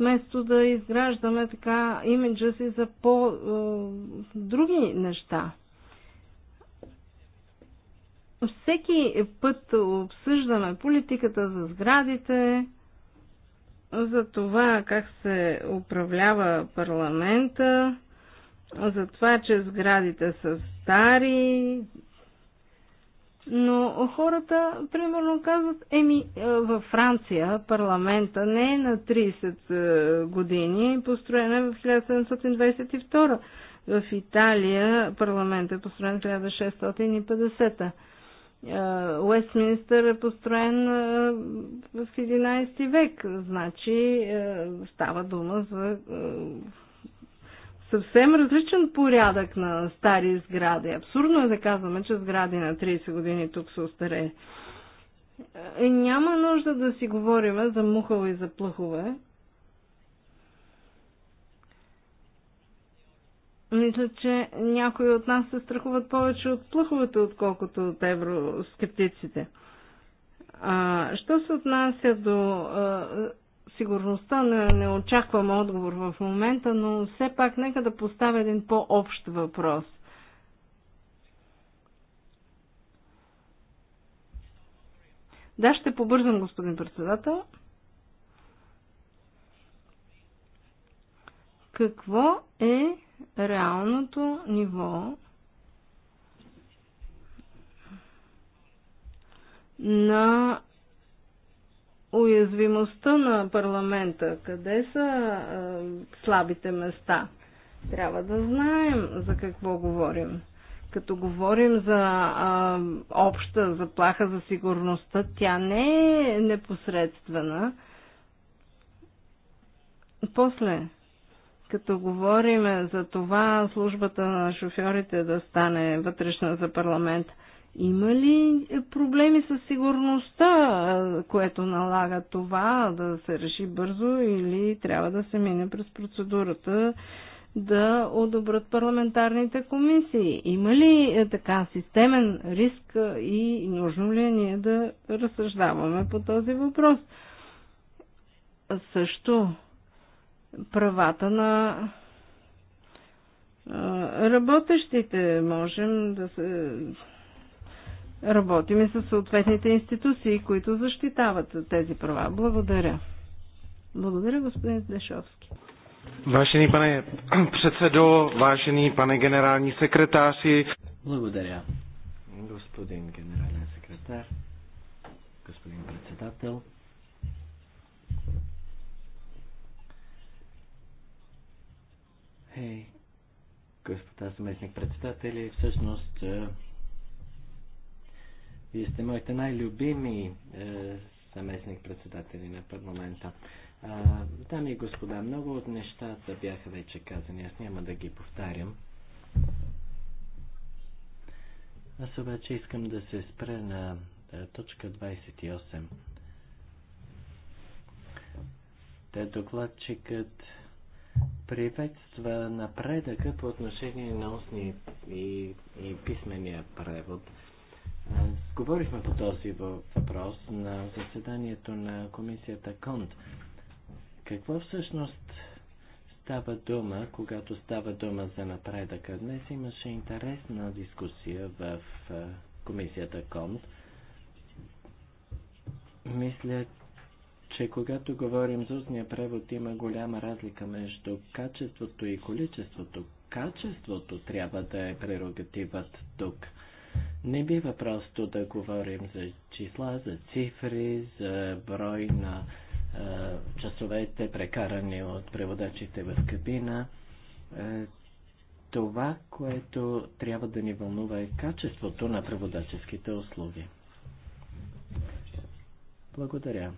вместо да изграждаме така имиджа си за по-други неща. Всеки път обсъждаме политиката за сградите, за това как се управлява парламента, за това, че сградите са стари, но хората, примерно, казват, еми, е, във Франция парламента не е на 30 е, години, построен е в 1722. В Италия парламентът е построен в 1650. Е, Уестминстър е построен в 11 век, значи става дума за съвсем различен порядък на стари сгради. Абсурдно е да казваме, че сгради на 30 години тук са И е, Няма нужда да си говорим за мухове и за плъхове. Мисля, че някои от нас се страхуват повече от плъховете, отколкото от евроскептиците. А, що се отнася до а, сигурността не, не очаквам отговор в момента, но все пак нека да поставя един по-общ въпрос. Да, ще побързам, господин председател. Какво е реалното ниво на уязвимостта на парламента, къде са а, слабите места. Трябва да знаем за какво говорим. Като говорим за а, обща заплаха за сигурността, тя не е непосредствена. После, като говорим за това службата на шофьорите да стане вътрешна за парламента, има ли проблеми с сигурността, което налага това да се реши бързо или трябва да се мине през процедурата да одобрят парламентарните комисии? Има ли е, така системен риск е, и нужно ли е ние да разсъждаваме по този въпрос? Също правата на е, работещите можем да се Работим и с съответните институции, които защитават тези права. Благодаря. Благодаря, господин Дешовски. Вашени pane předsedo, vážený pane generální sekretáři. Благодаря. Господин генерален секретар, господин председател. Hey, господа заместник председатели, всъщност вие сте моите най-любими е, съместник-председатели на парламента. А, дами и господа, много от нещата бяха вече казани, аз няма да ги повтарям. Аз обаче искам да се спре на е, точка 28. Те докладчикът приветства напредъка по отношение на устния и, и писмения превод. Говорихме по този въпрос на заседанието на комисията КОНТ. Какво всъщност става дума, когато става дума за напредъка? Днес имаше интересна дискусия в комисията КОНТ. Мисля, че когато говорим за устния превод, има голяма разлика между качеството и количеството. Качеството трябва да е прерогативът тук – не бива просто да говорим за числа, за цифри, за брой на е, часовете, прекарани от преводачите в кабина. Е, това, което трябва да ни вълнува е качеството на преводаческите услуги. Благодаря.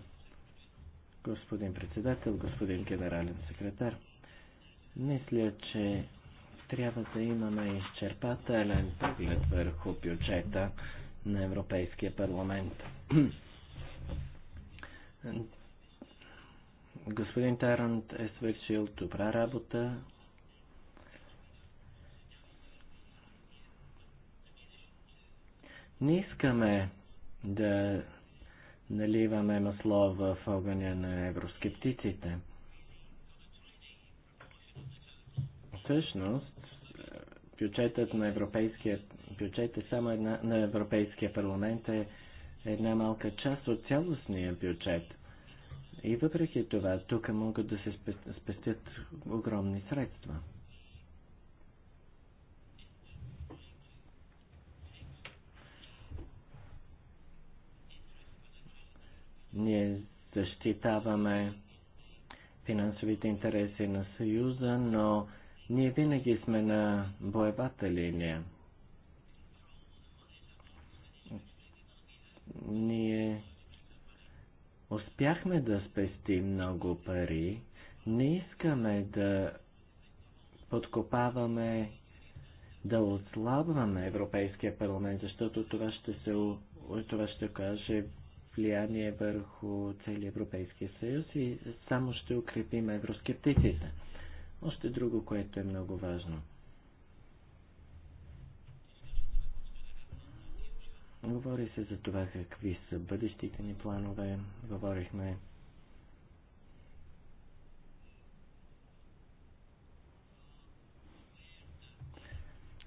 Господин председател, господин генерален секретар, мисля, че трябва да имаме изчерпателен поглед върху бюджета на Европейския парламент. Господин Тарант е свършил добра работа. Не искаме да наливаме масло в огъня на евроскептиците. Всъщност, бюджетът на европейския бюджет е само една, на Европейския парламент е една малка част от цялостния бюджет. И въпреки това, тук могат да се спестят огромни средства. Ние защитаваме финансовите интереси на Съюза, но ние винаги сме на боевата линия. Ние успяхме да спестим много пари. Не искаме да подкопаваме, да отслабваме Европейския парламент, защото това ще, се, това ще каже влияние върху целия Европейския съюз и само ще укрепим евроскептиците. Още друго, което е много важно. Говори се за това какви са бъдещите ни планове. Говорихме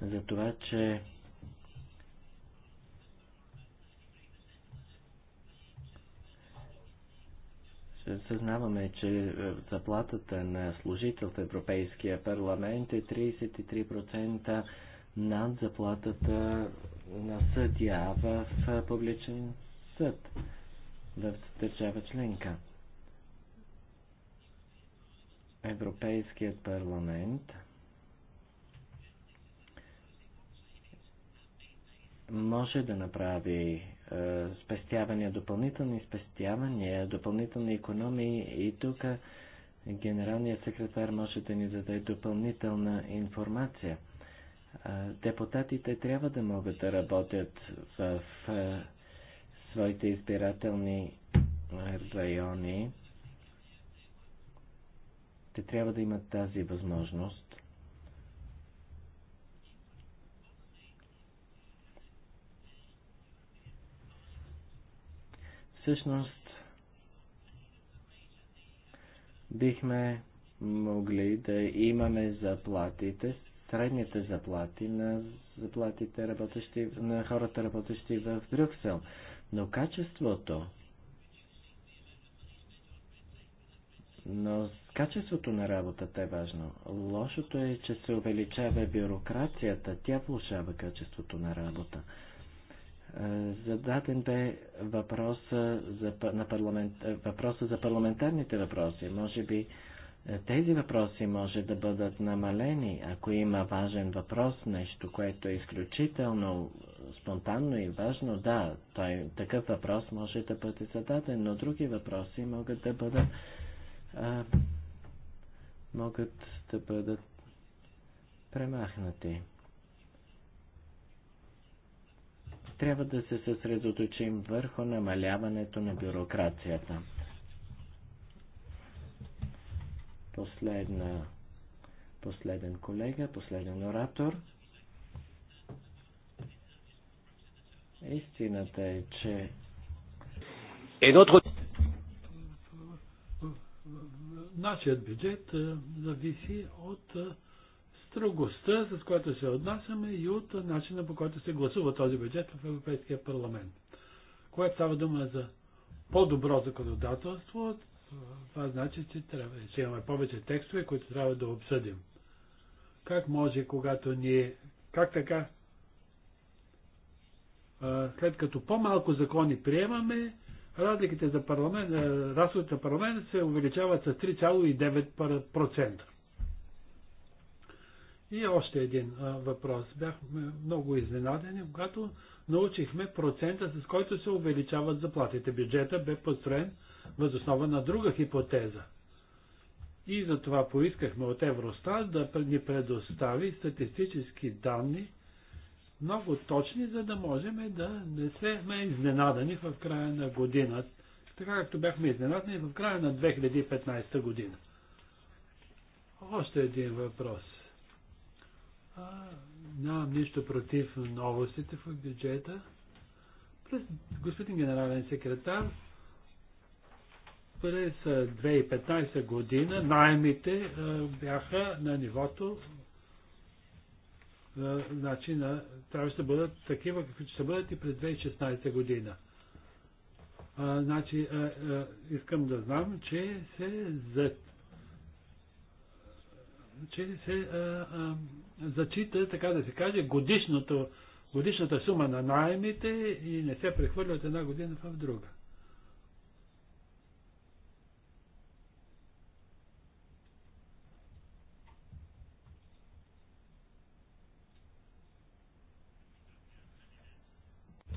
за това, че съзнаваме, че е, заплатата на служител в Европейския парламент е 33% над заплатата на съдия в е, публичен съд в държава членка. Европейският парламент може да направи е, спестявания, допълнителни спестявания, допълнителни економии и тук генералният секретар може да ни даде допълнителна информация. Е, депутатите трябва да могат да работят в е, своите избирателни райони. Те трябва да имат тази възможност. Всъщност, бихме могли да имаме заплатите, средните заплати на заплатите работещи, на хората работещи в Брюксел. Но качеството, но качеството на работата е важно. Лошото е, че се увеличава бюрокрацията, тя влушава качеството на работа. Зададен бе въпроса за, на парламент, е, въпроса за парламентарните въпроси. Може би е, тези въпроси може да бъдат намалени, ако има важен въпрос, нещо, което е изключително е, спонтанно и важно, да, той, такъв въпрос може да бъде зададен, но други въпроси могат да бъдат а, могат да бъдат премахнати. Трябва да се съсредоточим върху намаляването на бюрокрацията. Последна, последен колега, последен оратор. Истината е, че е, едното... Нашият бюджет е, зависи от е, строгостта, с която се отнасяме и от начина по който се гласува този бюджет в Европейския парламент. Когато става дума за по-добро законодателство, това значи, че, трябва, ще имаме повече текстове, които трябва да обсъдим. Как може, когато ние... Как така? След като по-малко закони приемаме, разликите за парламент, разходите на парламент се увеличават с 3,9%. И още един а, въпрос. Бяхме много изненадени, когато научихме процента, с който се увеличават заплатите. Бюджета бе построен възоснова на друга хипотеза. И затова поискахме от Евростат да ни предостави статистически данни, много точни, за да можем да не сме изненадани в края на годината, така както бяхме изненадани в края на 2015 година. Още един въпрос нямам нищо против новостите в бюджета. През господин генерален секретар, през 2015 година найемите бяха на нивото значи на, трябваше да бъдат такива, каквито ще бъдат и през 2016 година. А, значи, а, а, искам да знам, че се че ли се а, е, а, е, зачита, така да се каже, годишното, годишната сума на найемите и не се прехвърля от една година в друга.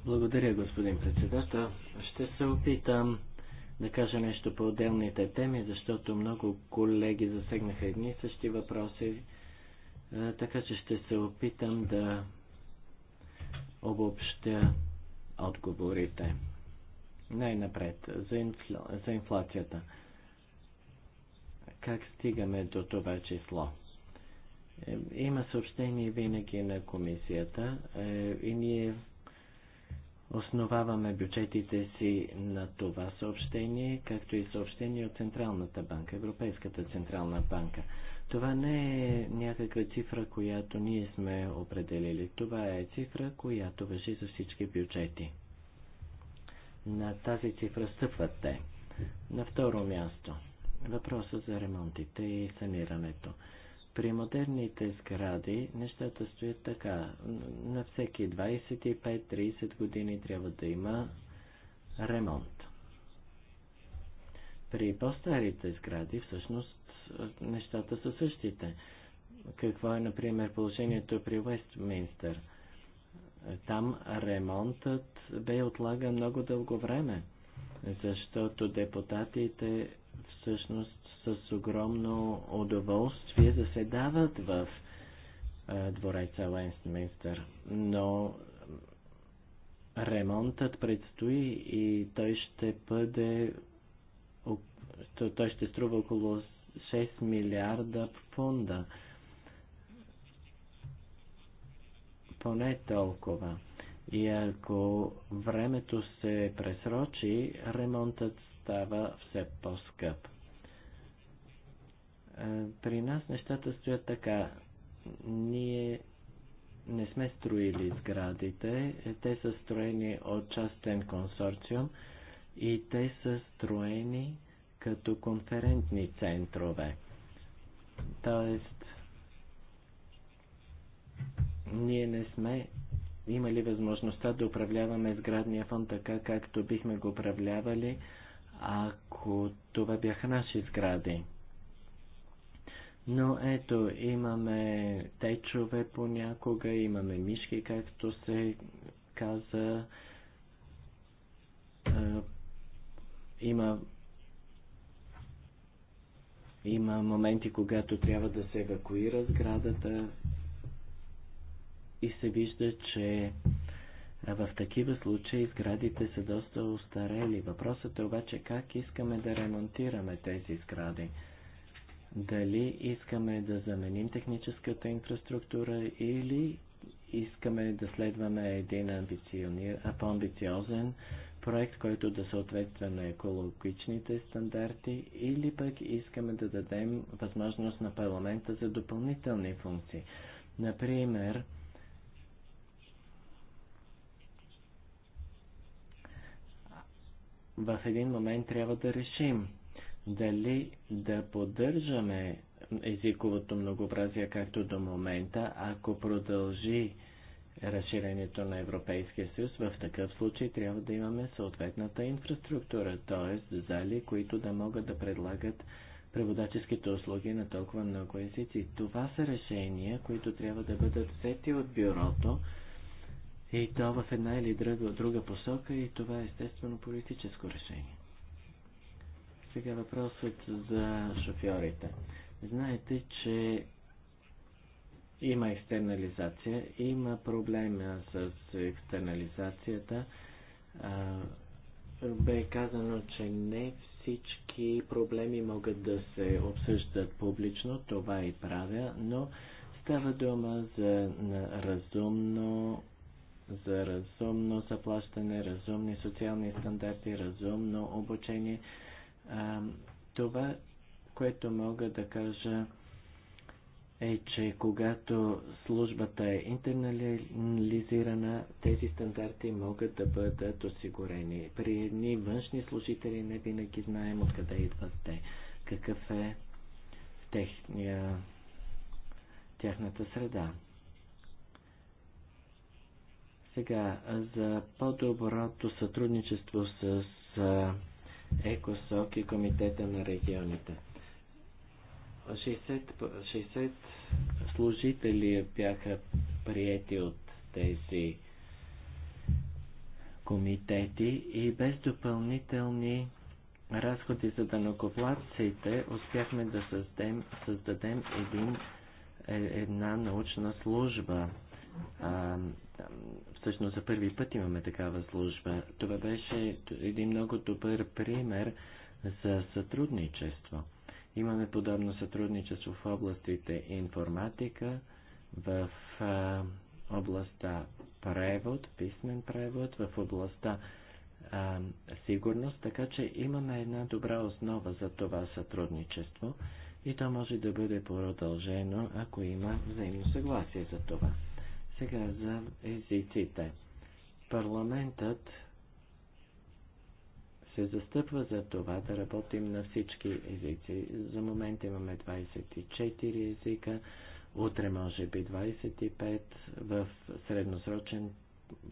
Благодаря, господин председател. Ще се опитам да кажа нещо по отделните теми, защото много колеги засегнаха едни и същи въпроси, така че ще се опитам да обобщя отговорите. Най-напред, за, инфла... за инфлацията. Как стигаме до това число? Е, има съобщение винаги на комисията е, и ние Основаваме бюджетите си на това съобщение, както и съобщение от Централната банка, Европейската Централна банка. Това не е някаква цифра, която ние сме определили. Това е цифра, която въжи за всички бюджети. На тази цифра стъпват те. На второ място, въпроса за ремонтите и санирането. При модерните сгради нещата стоят така. На всеки 25-30 години трябва да има ремонт. При по-старите сгради всъщност нещата са същите. Какво е, например, положението при Уестминстър? Там ремонтът бе отлаган много дълго време, защото депутатите всъщност с огромно удоволствие заседават в е, двореца Уестминстър. Но ремонтът предстои и той ще бъде той ще струва около 6 милиарда фунда. Поне толкова. И ако времето се пресрочи, ремонтът става все по-скъп. При нас нещата стоят така. Ние не сме строили сградите. Е, те са строени от частен консорциум и те са строени като конферентни центрове. Тоест, ние не сме имали възможността да управляваме сградния фонд така, както бихме го управлявали, ако това бяха наши сгради. Но ето, имаме течове понякога, имаме мишки, както се каза. има има моменти, когато трябва да се евакуира сградата и се вижда, че в такива случаи сградите са доста устарели. Въпросът е обаче как искаме да ремонтираме тези сгради дали искаме да заменим техническата инфраструктура или искаме да следваме един по-амбициозен проект, който да съответства на екологичните стандарти или пък искаме да дадем възможност на парламента за допълнителни функции. Например, в един момент трябва да решим дали да поддържаме езиковото многообразие както до момента, ако продължи разширението на Европейския съюз, в такъв случай трябва да имаме съответната инфраструктура, т.е. зали, които да могат да предлагат преводаческите услуги на толкова много езици. Това са решения, които трябва да бъдат взети от бюрото и то в една или друга, друга посока и това е естествено политическо решение. Сега въпросът за шофьорите. Знаете, че има екстернализация, има проблема с екстернализацията. бе казано, че не всички проблеми могат да се обсъждат публично, това и правя, но става дума за разумно за разумно заплащане, разумни социални стандарти, разумно обучение – това, което мога да кажа, е, че когато службата е интернализирана, тези стандарти могат да бъдат осигурени. При едни външни служители не винаги знаем откъде идват те, какъв е техния, тяхната среда. Сега, за по-доброто сътрудничество с ЕКОСОК и Комитета на регионите. 60, 60 служители бяха приети от тези комитети и без допълнителни разходи за данокоплаците успяхме да създадем, създадем един, е, една научна служба. А, Всъщност за първи път имаме такава служба. Това беше един много добър пример за сътрудничество. Имаме подобно сътрудничество в областите информатика, в областта превод, писмен превод, в областта а, сигурност, така че имаме една добра основа за това сътрудничество и то може да бъде продължено, ако има взаимно съгласие за това. Сега за езиците. Парламентът се застъпва за това да работим на всички езици. За момент имаме 24 езика, утре може би 25, в средносрочен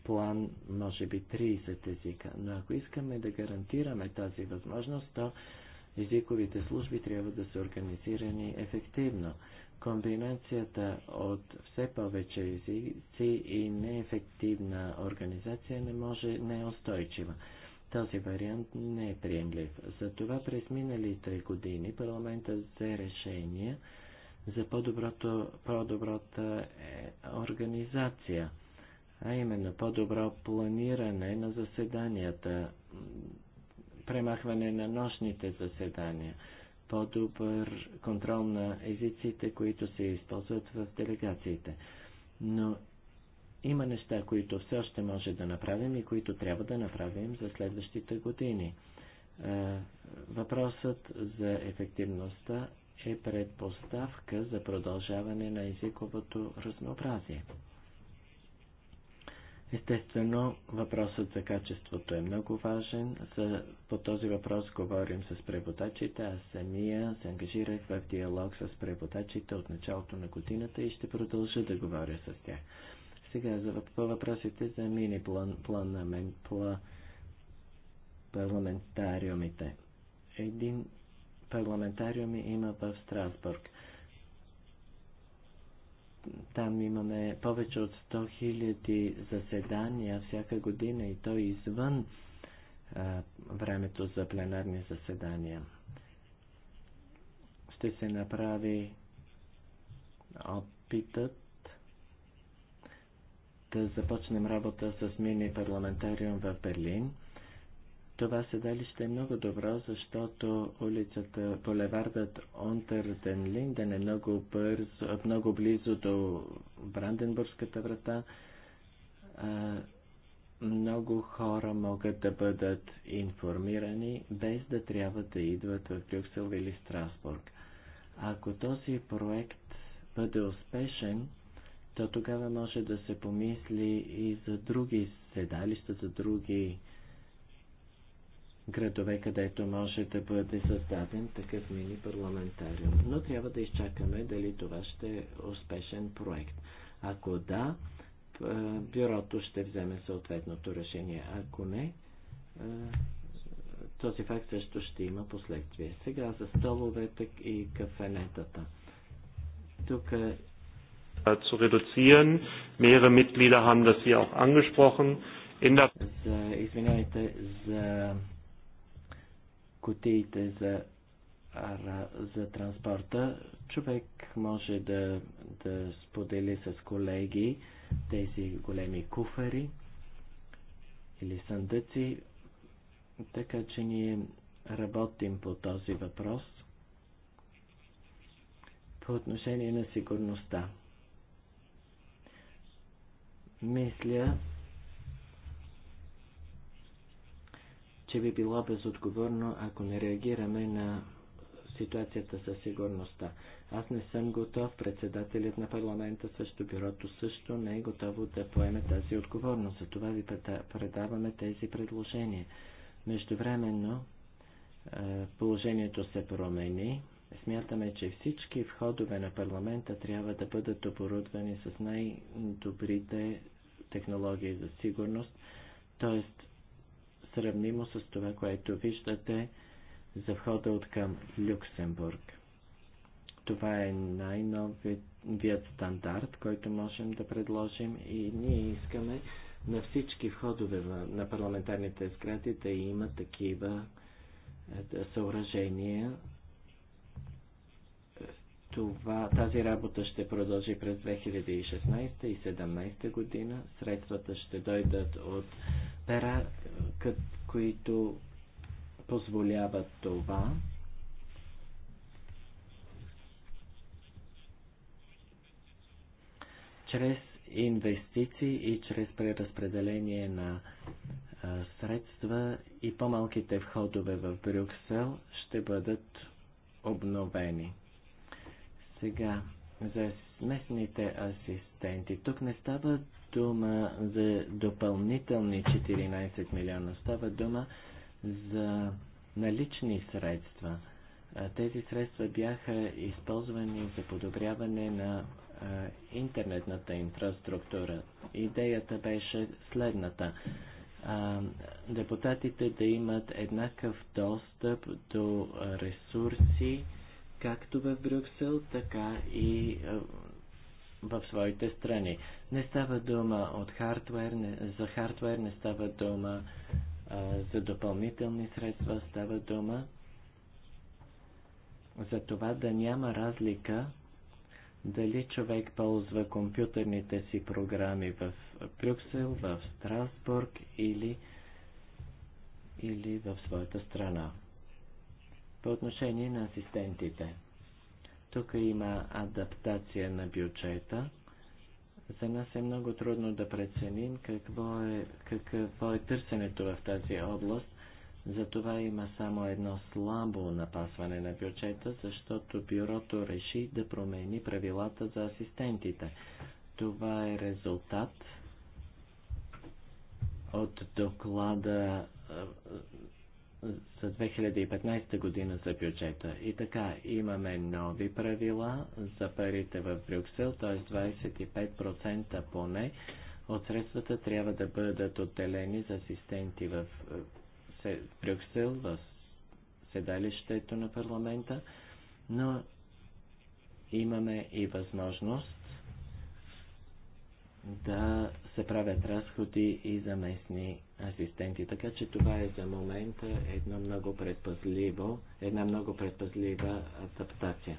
план може би 30 езика. Но ако искаме да гарантираме тази възможност, то езиковите служби трябва да са организирани ефективно. Комбинацията от все повече езици и неефективна организация не може не е устойчива. Този вариант не е приемлив. Затова през миналите години парламентът взе решение за по-доброто, по-добрата е организация, а именно по-добро планиране на заседанията, премахване на нощните заседания – по-добър контрол на езиците, които се използват в делегациите. Но има неща, които все още може да направим и които трябва да направим за следващите години. Въпросът за ефективността е предпоставка за продължаване на езиковото разнообразие. Естествено, въпросът за качеството е много важен. За, по този въпрос говорим с преводачите. Аз самия се ангажирах в диалог с преводачите от началото на годината и ще продължа да говоря с тях. Сега за, по въпросите за мини план, план, план, парламентариумите. Един парламентариум има в Страсбург. Там имаме повече от 100 000 заседания всяка година и то извън а, времето за пленарни заседания. Ще се направи опитът да започнем работа с мини парламентариум в Берлин – това седалище е много добро, защото улицата, булевардът Ден Линден е много, бърз, много близо до Бранденбургската врата. А, много хора могат да бъдат информирани, без да трябва да идват в Брюксел или Страсбург. Ако този проект бъде успешен, то тогава може да се помисли и за други седалища, за други градове, където може да бъде създаден такъв мини парламентариум. Но трябва да изчакаме дали това ще е успешен проект. Ако да, бюрото ще вземе съответното решение. Ако не, този факт също ще има последствие. Сега за столовете и кафенетата. Тук е zu reduzieren. Mehrere Mitglieder haben das hier auch angesprochen. In der за, за кутиите за, за транспорта, човек може да, да сподели с колеги тези големи куфари или съндъци, така че ние работим по този въпрос по отношение на сигурността. Мисля, че би било безотговорно, ако не реагираме на ситуацията със сигурността. Аз не съм готов, председателят на парламента също, бюрото също не е готово да поеме тази отговорност. За това ви предаваме тези предложения. Междувременно е, положението се промени. Смятаме, че всички входове на парламента трябва да бъдат оборудвани с най-добрите технологии за сигурност, т.е сравнимо с това, което виждате за входа от към Люксембург. Това е най-новият стандарт, който можем да предложим и ние искаме на всички входове на парламентарните сгради да има такива е, съоръжения това, тази работа ще продължи през 2016 и 2017 година. Средствата ще дойдат от пера, които позволяват това. Чрез инвестиции и чрез преразпределение на средства и по-малките входове в Брюксел ще бъдат обновени. Сега, за местните асистенти. Тук не става дума за допълнителни 14 милиона. Става дума за налични средства. Тези средства бяха използвани за подобряване на интернетната инфраструктура. Идеята беше следната. Депутатите да имат еднакъв достъп до ресурси, както в Брюксел, така и е, в своите страни. Не става дума от хардвер, не, за хардвер, не става дума а, е, за допълнителни средства, става дума за това да няма разлика дали човек ползва компютърните си програми в Брюксел, в Страсбург или, или в своята страна. По отношение на асистентите. Тук има адаптация на бюджета. За нас е много трудно да преценим какво е, какво е търсенето в тази област. Затова има само едно слабо напасване на бюджета, защото бюрото реши да промени правилата за асистентите. Това е резултат от доклада за 2015 година за бюджета. И така, имаме нови правила за парите в Брюксел, т.е. 25% поне от средствата трябва да бъдат отделени за асистенти в Брюксел, в седалището на парламента, но имаме и възможност да се правят разходи и за местни асистенти. Така че това е за момента една много предпазливо, една много предпазлива адаптация.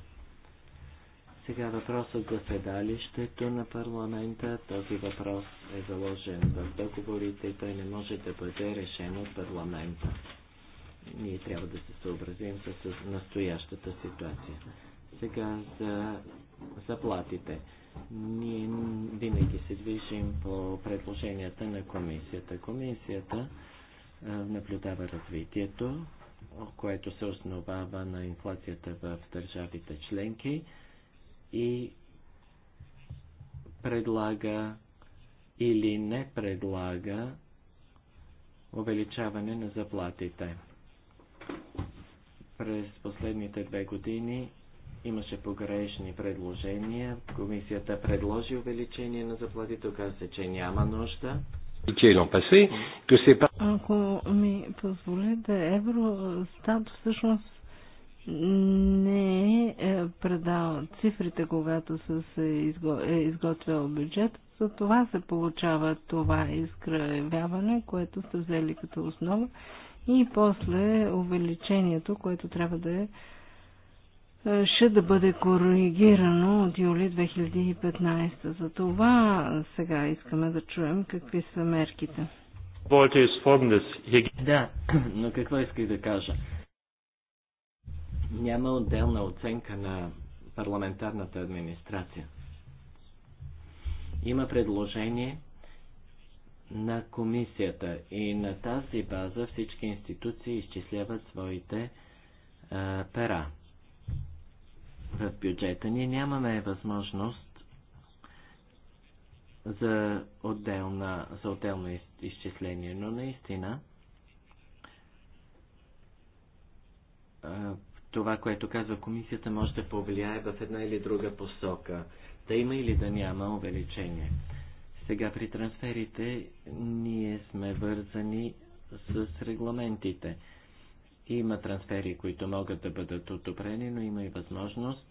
Сега въпросът за седалището на парламента. Този въпрос е заложен в договорите и той не може да бъде решен от парламента. Ние трябва да се съобразим с настоящата ситуация. Сега за заплатите. Ние винаги се движим по предложенията на комисията. Комисията наблюдава развитието, което се основава на инфлацията в държавите членки и предлага или не предлага увеличаване на заплатите. През последните две години Имаше погрешни предложения. Комисията предложи увеличение на заплатите. Оказа се, че няма нужда. Ако ми позволите, Евростат всъщност не е, е предал цифрите, когато се изго... е изготвял бюджет. За това се получава това изкривяване, което сте взели като основа и после увеличението, което трябва да е ще да бъде коригирано от юли 2015. За това сега искаме да чуем какви са мерките. Да, но какво исках да кажа? Няма отделна оценка на парламентарната администрация. Има предложение на комисията и на тази база всички институции изчисляват своите а, пера в бюджета. Ние нямаме възможност за, отделна, за отделно из, изчисление, но наистина това, което казва комисията, може да повлияе в една или друга посока. Да има или да няма увеличение. Сега при трансферите ние сме вързани с регламентите. Има трансфери, които могат да бъдат одобрени, но има и възможност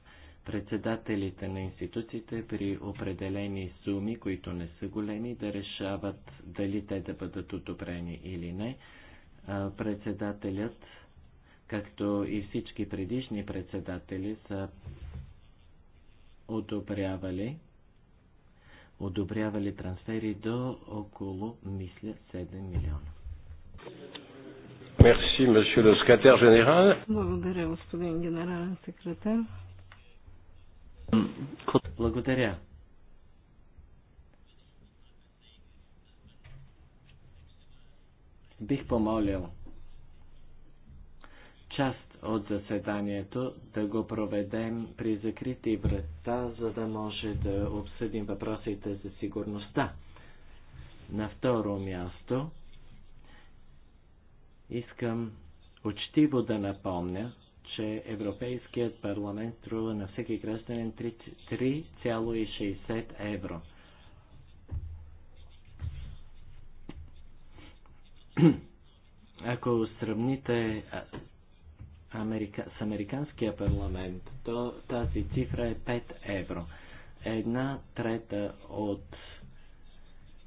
председателите на институциите при определени суми, които не са големи, да решават дали те да бъдат одобрени или не. Председателят, както и всички предишни председатели, са одобрявали одобрявали трансфери до около, мисля, 7 милиона. Благодаря, господин генерален секретар. Благодаря. Бих помолил част от заседанието да го проведем при закрити врата, за да може да обсъдим въпросите за сигурността. На второ място Искам учтиво да напомня, че Европейският парламент струва на всеки гражданин 3,60 евро. Ако сравните Америка, с Американския парламент, то тази цифра е 5 евро. Една трета от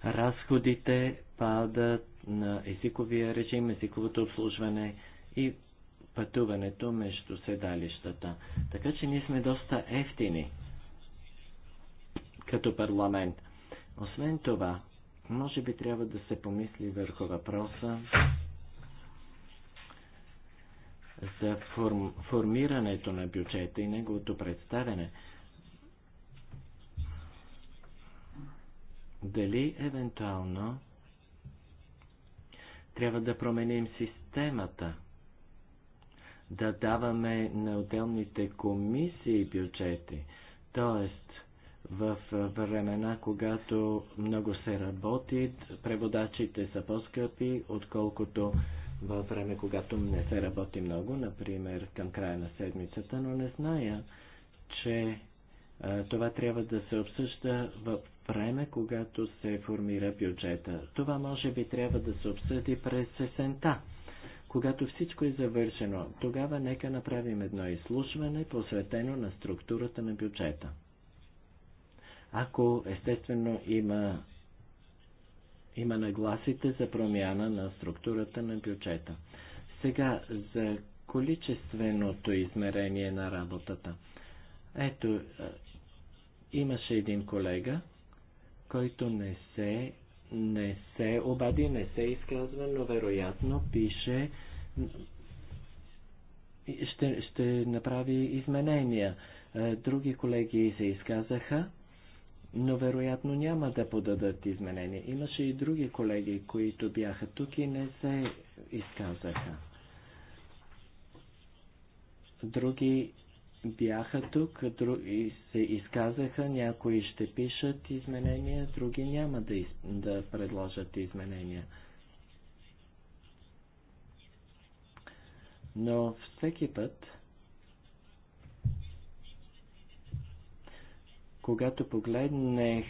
разходите падат на езиковия режим, езиковото обслужване и пътуването между седалищата. Така че ние сме доста ефтини като парламент. Освен това, може би трябва да се помисли върху въпроса за форм, формирането на бюджета и неговото представяне. Дали евентуално трябва да променим системата, да даваме на отделните комисии бюджети. т.е. в времена, когато много се работи, преводачите са по-скъпи, отколкото във време, когато не се работи много, например към края на седмицата, но не зная, че а, това трябва да се обсъжда в време, когато се формира бюджета. Това може би трябва да се обсъди през сесента. Когато всичко е завършено, тогава нека направим едно изслушване, посветено на структурата на бюджета. Ако естествено има, има нагласите за промяна на структурата на бюджета. Сега за количественото измерение на работата. Ето, е, имаше един колега, който не се, не се обади, не се изказва, но вероятно пише ще, ще направи изменения. Е, други колеги се изказаха, но вероятно няма да подадат изменения. Имаше и други колеги, които бяха тук и не се изказаха. Други бяха тук, други се изказаха, някои ще пишат изменения, други няма да, из... да предложат изменения. Но всеки път, когато погледнах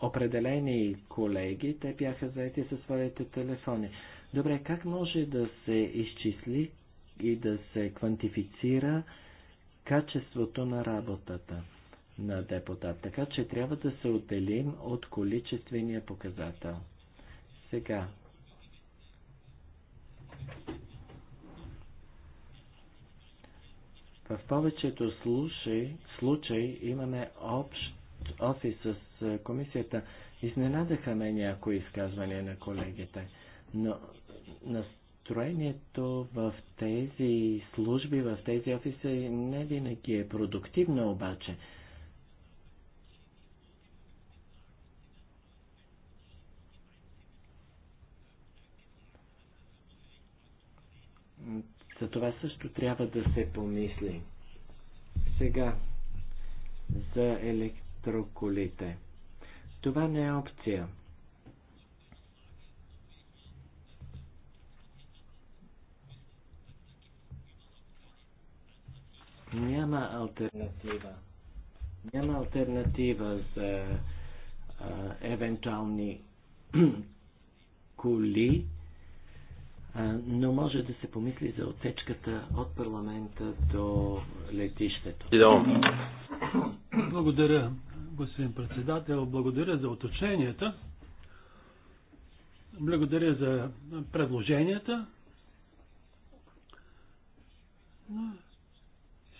определени колеги, те бяха заети със своите телефони. Добре, как може да се изчисли и да се квантифицира качеството на работата на депутат. Така че трябва да се отделим от количествения показател. Сега. В повечето случаи, случаи имаме общ офис с комисията. Изненадаха ме някои изказвания на колегите, но на Строението в тези служби, в тези офиси не винаги е продуктивно обаче. За това също трябва да се помисли. Сега, за електроколите. Това не е опция. Няма альтернатива. Няма альтернатива за а, евентуални коли, а, но може да се помисли за отсечката от парламента до летището. Благодаря, господин председател. Благодаря за уточненията. Благодаря за предложенията.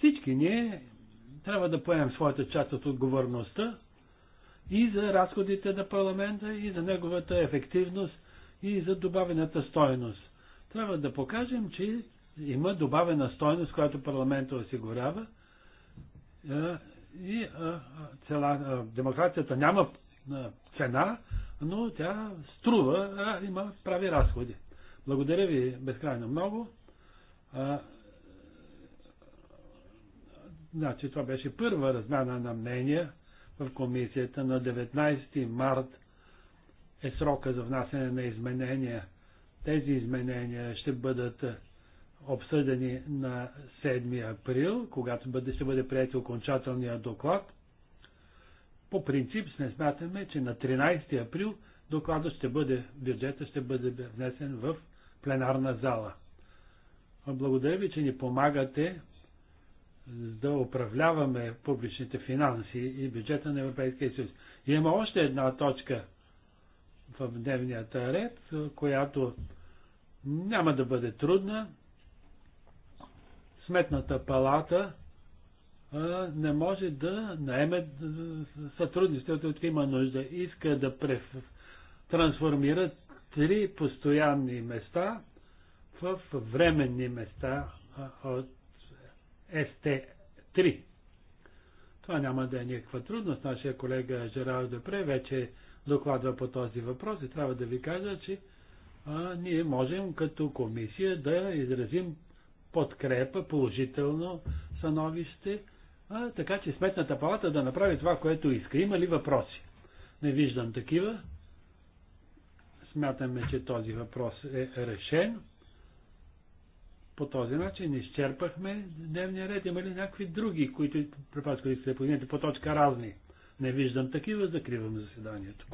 Всички ние трябва да поемем своята част от отговорността и за разходите на парламента, и за неговата ефективност, и за добавената стойност. Трябва да покажем, че има добавена стойност, която парламента осигурява и цела, демокрацията няма цена, но тя струва, има прави разходи. Благодаря ви безкрайно много. Значи това беше първа размяна на мнения в комисията на 19 март е срока за внасяне на изменения. Тези изменения ще бъдат обсъдени на 7 април, когато бъде, ще бъде прият окончателният доклад. По принцип сме смятаме, че на 13 април докладът ще бъде, бюджета ще бъде внесен в пленарна зала. Благодаря ви, че ни помагате да управляваме публичните финанси и бюджета на Европейския съюз. И има още една точка в дневния ред, която няма да бъде трудна. Сметната палата не може да наеме сътрудници, от има нужда. Иска да преф... трансформира три постоянни места в временни места от СТ-3. Това няма да е никаква трудност. Нашия колега Жерар Депре вече докладва по този въпрос и трябва да ви кажа, че а, ние можем като комисия да изразим подкрепа, положително становище, а, така че Сметната палата да направи това, което иска. Има ли въпроси? Не виждам такива. Смятаме, че този въпрос е решен. По този начин изчерпахме дневния ред. Има ли някакви други, които препаскали се се поднете по точка разни? Не виждам такива, закривам заседанието.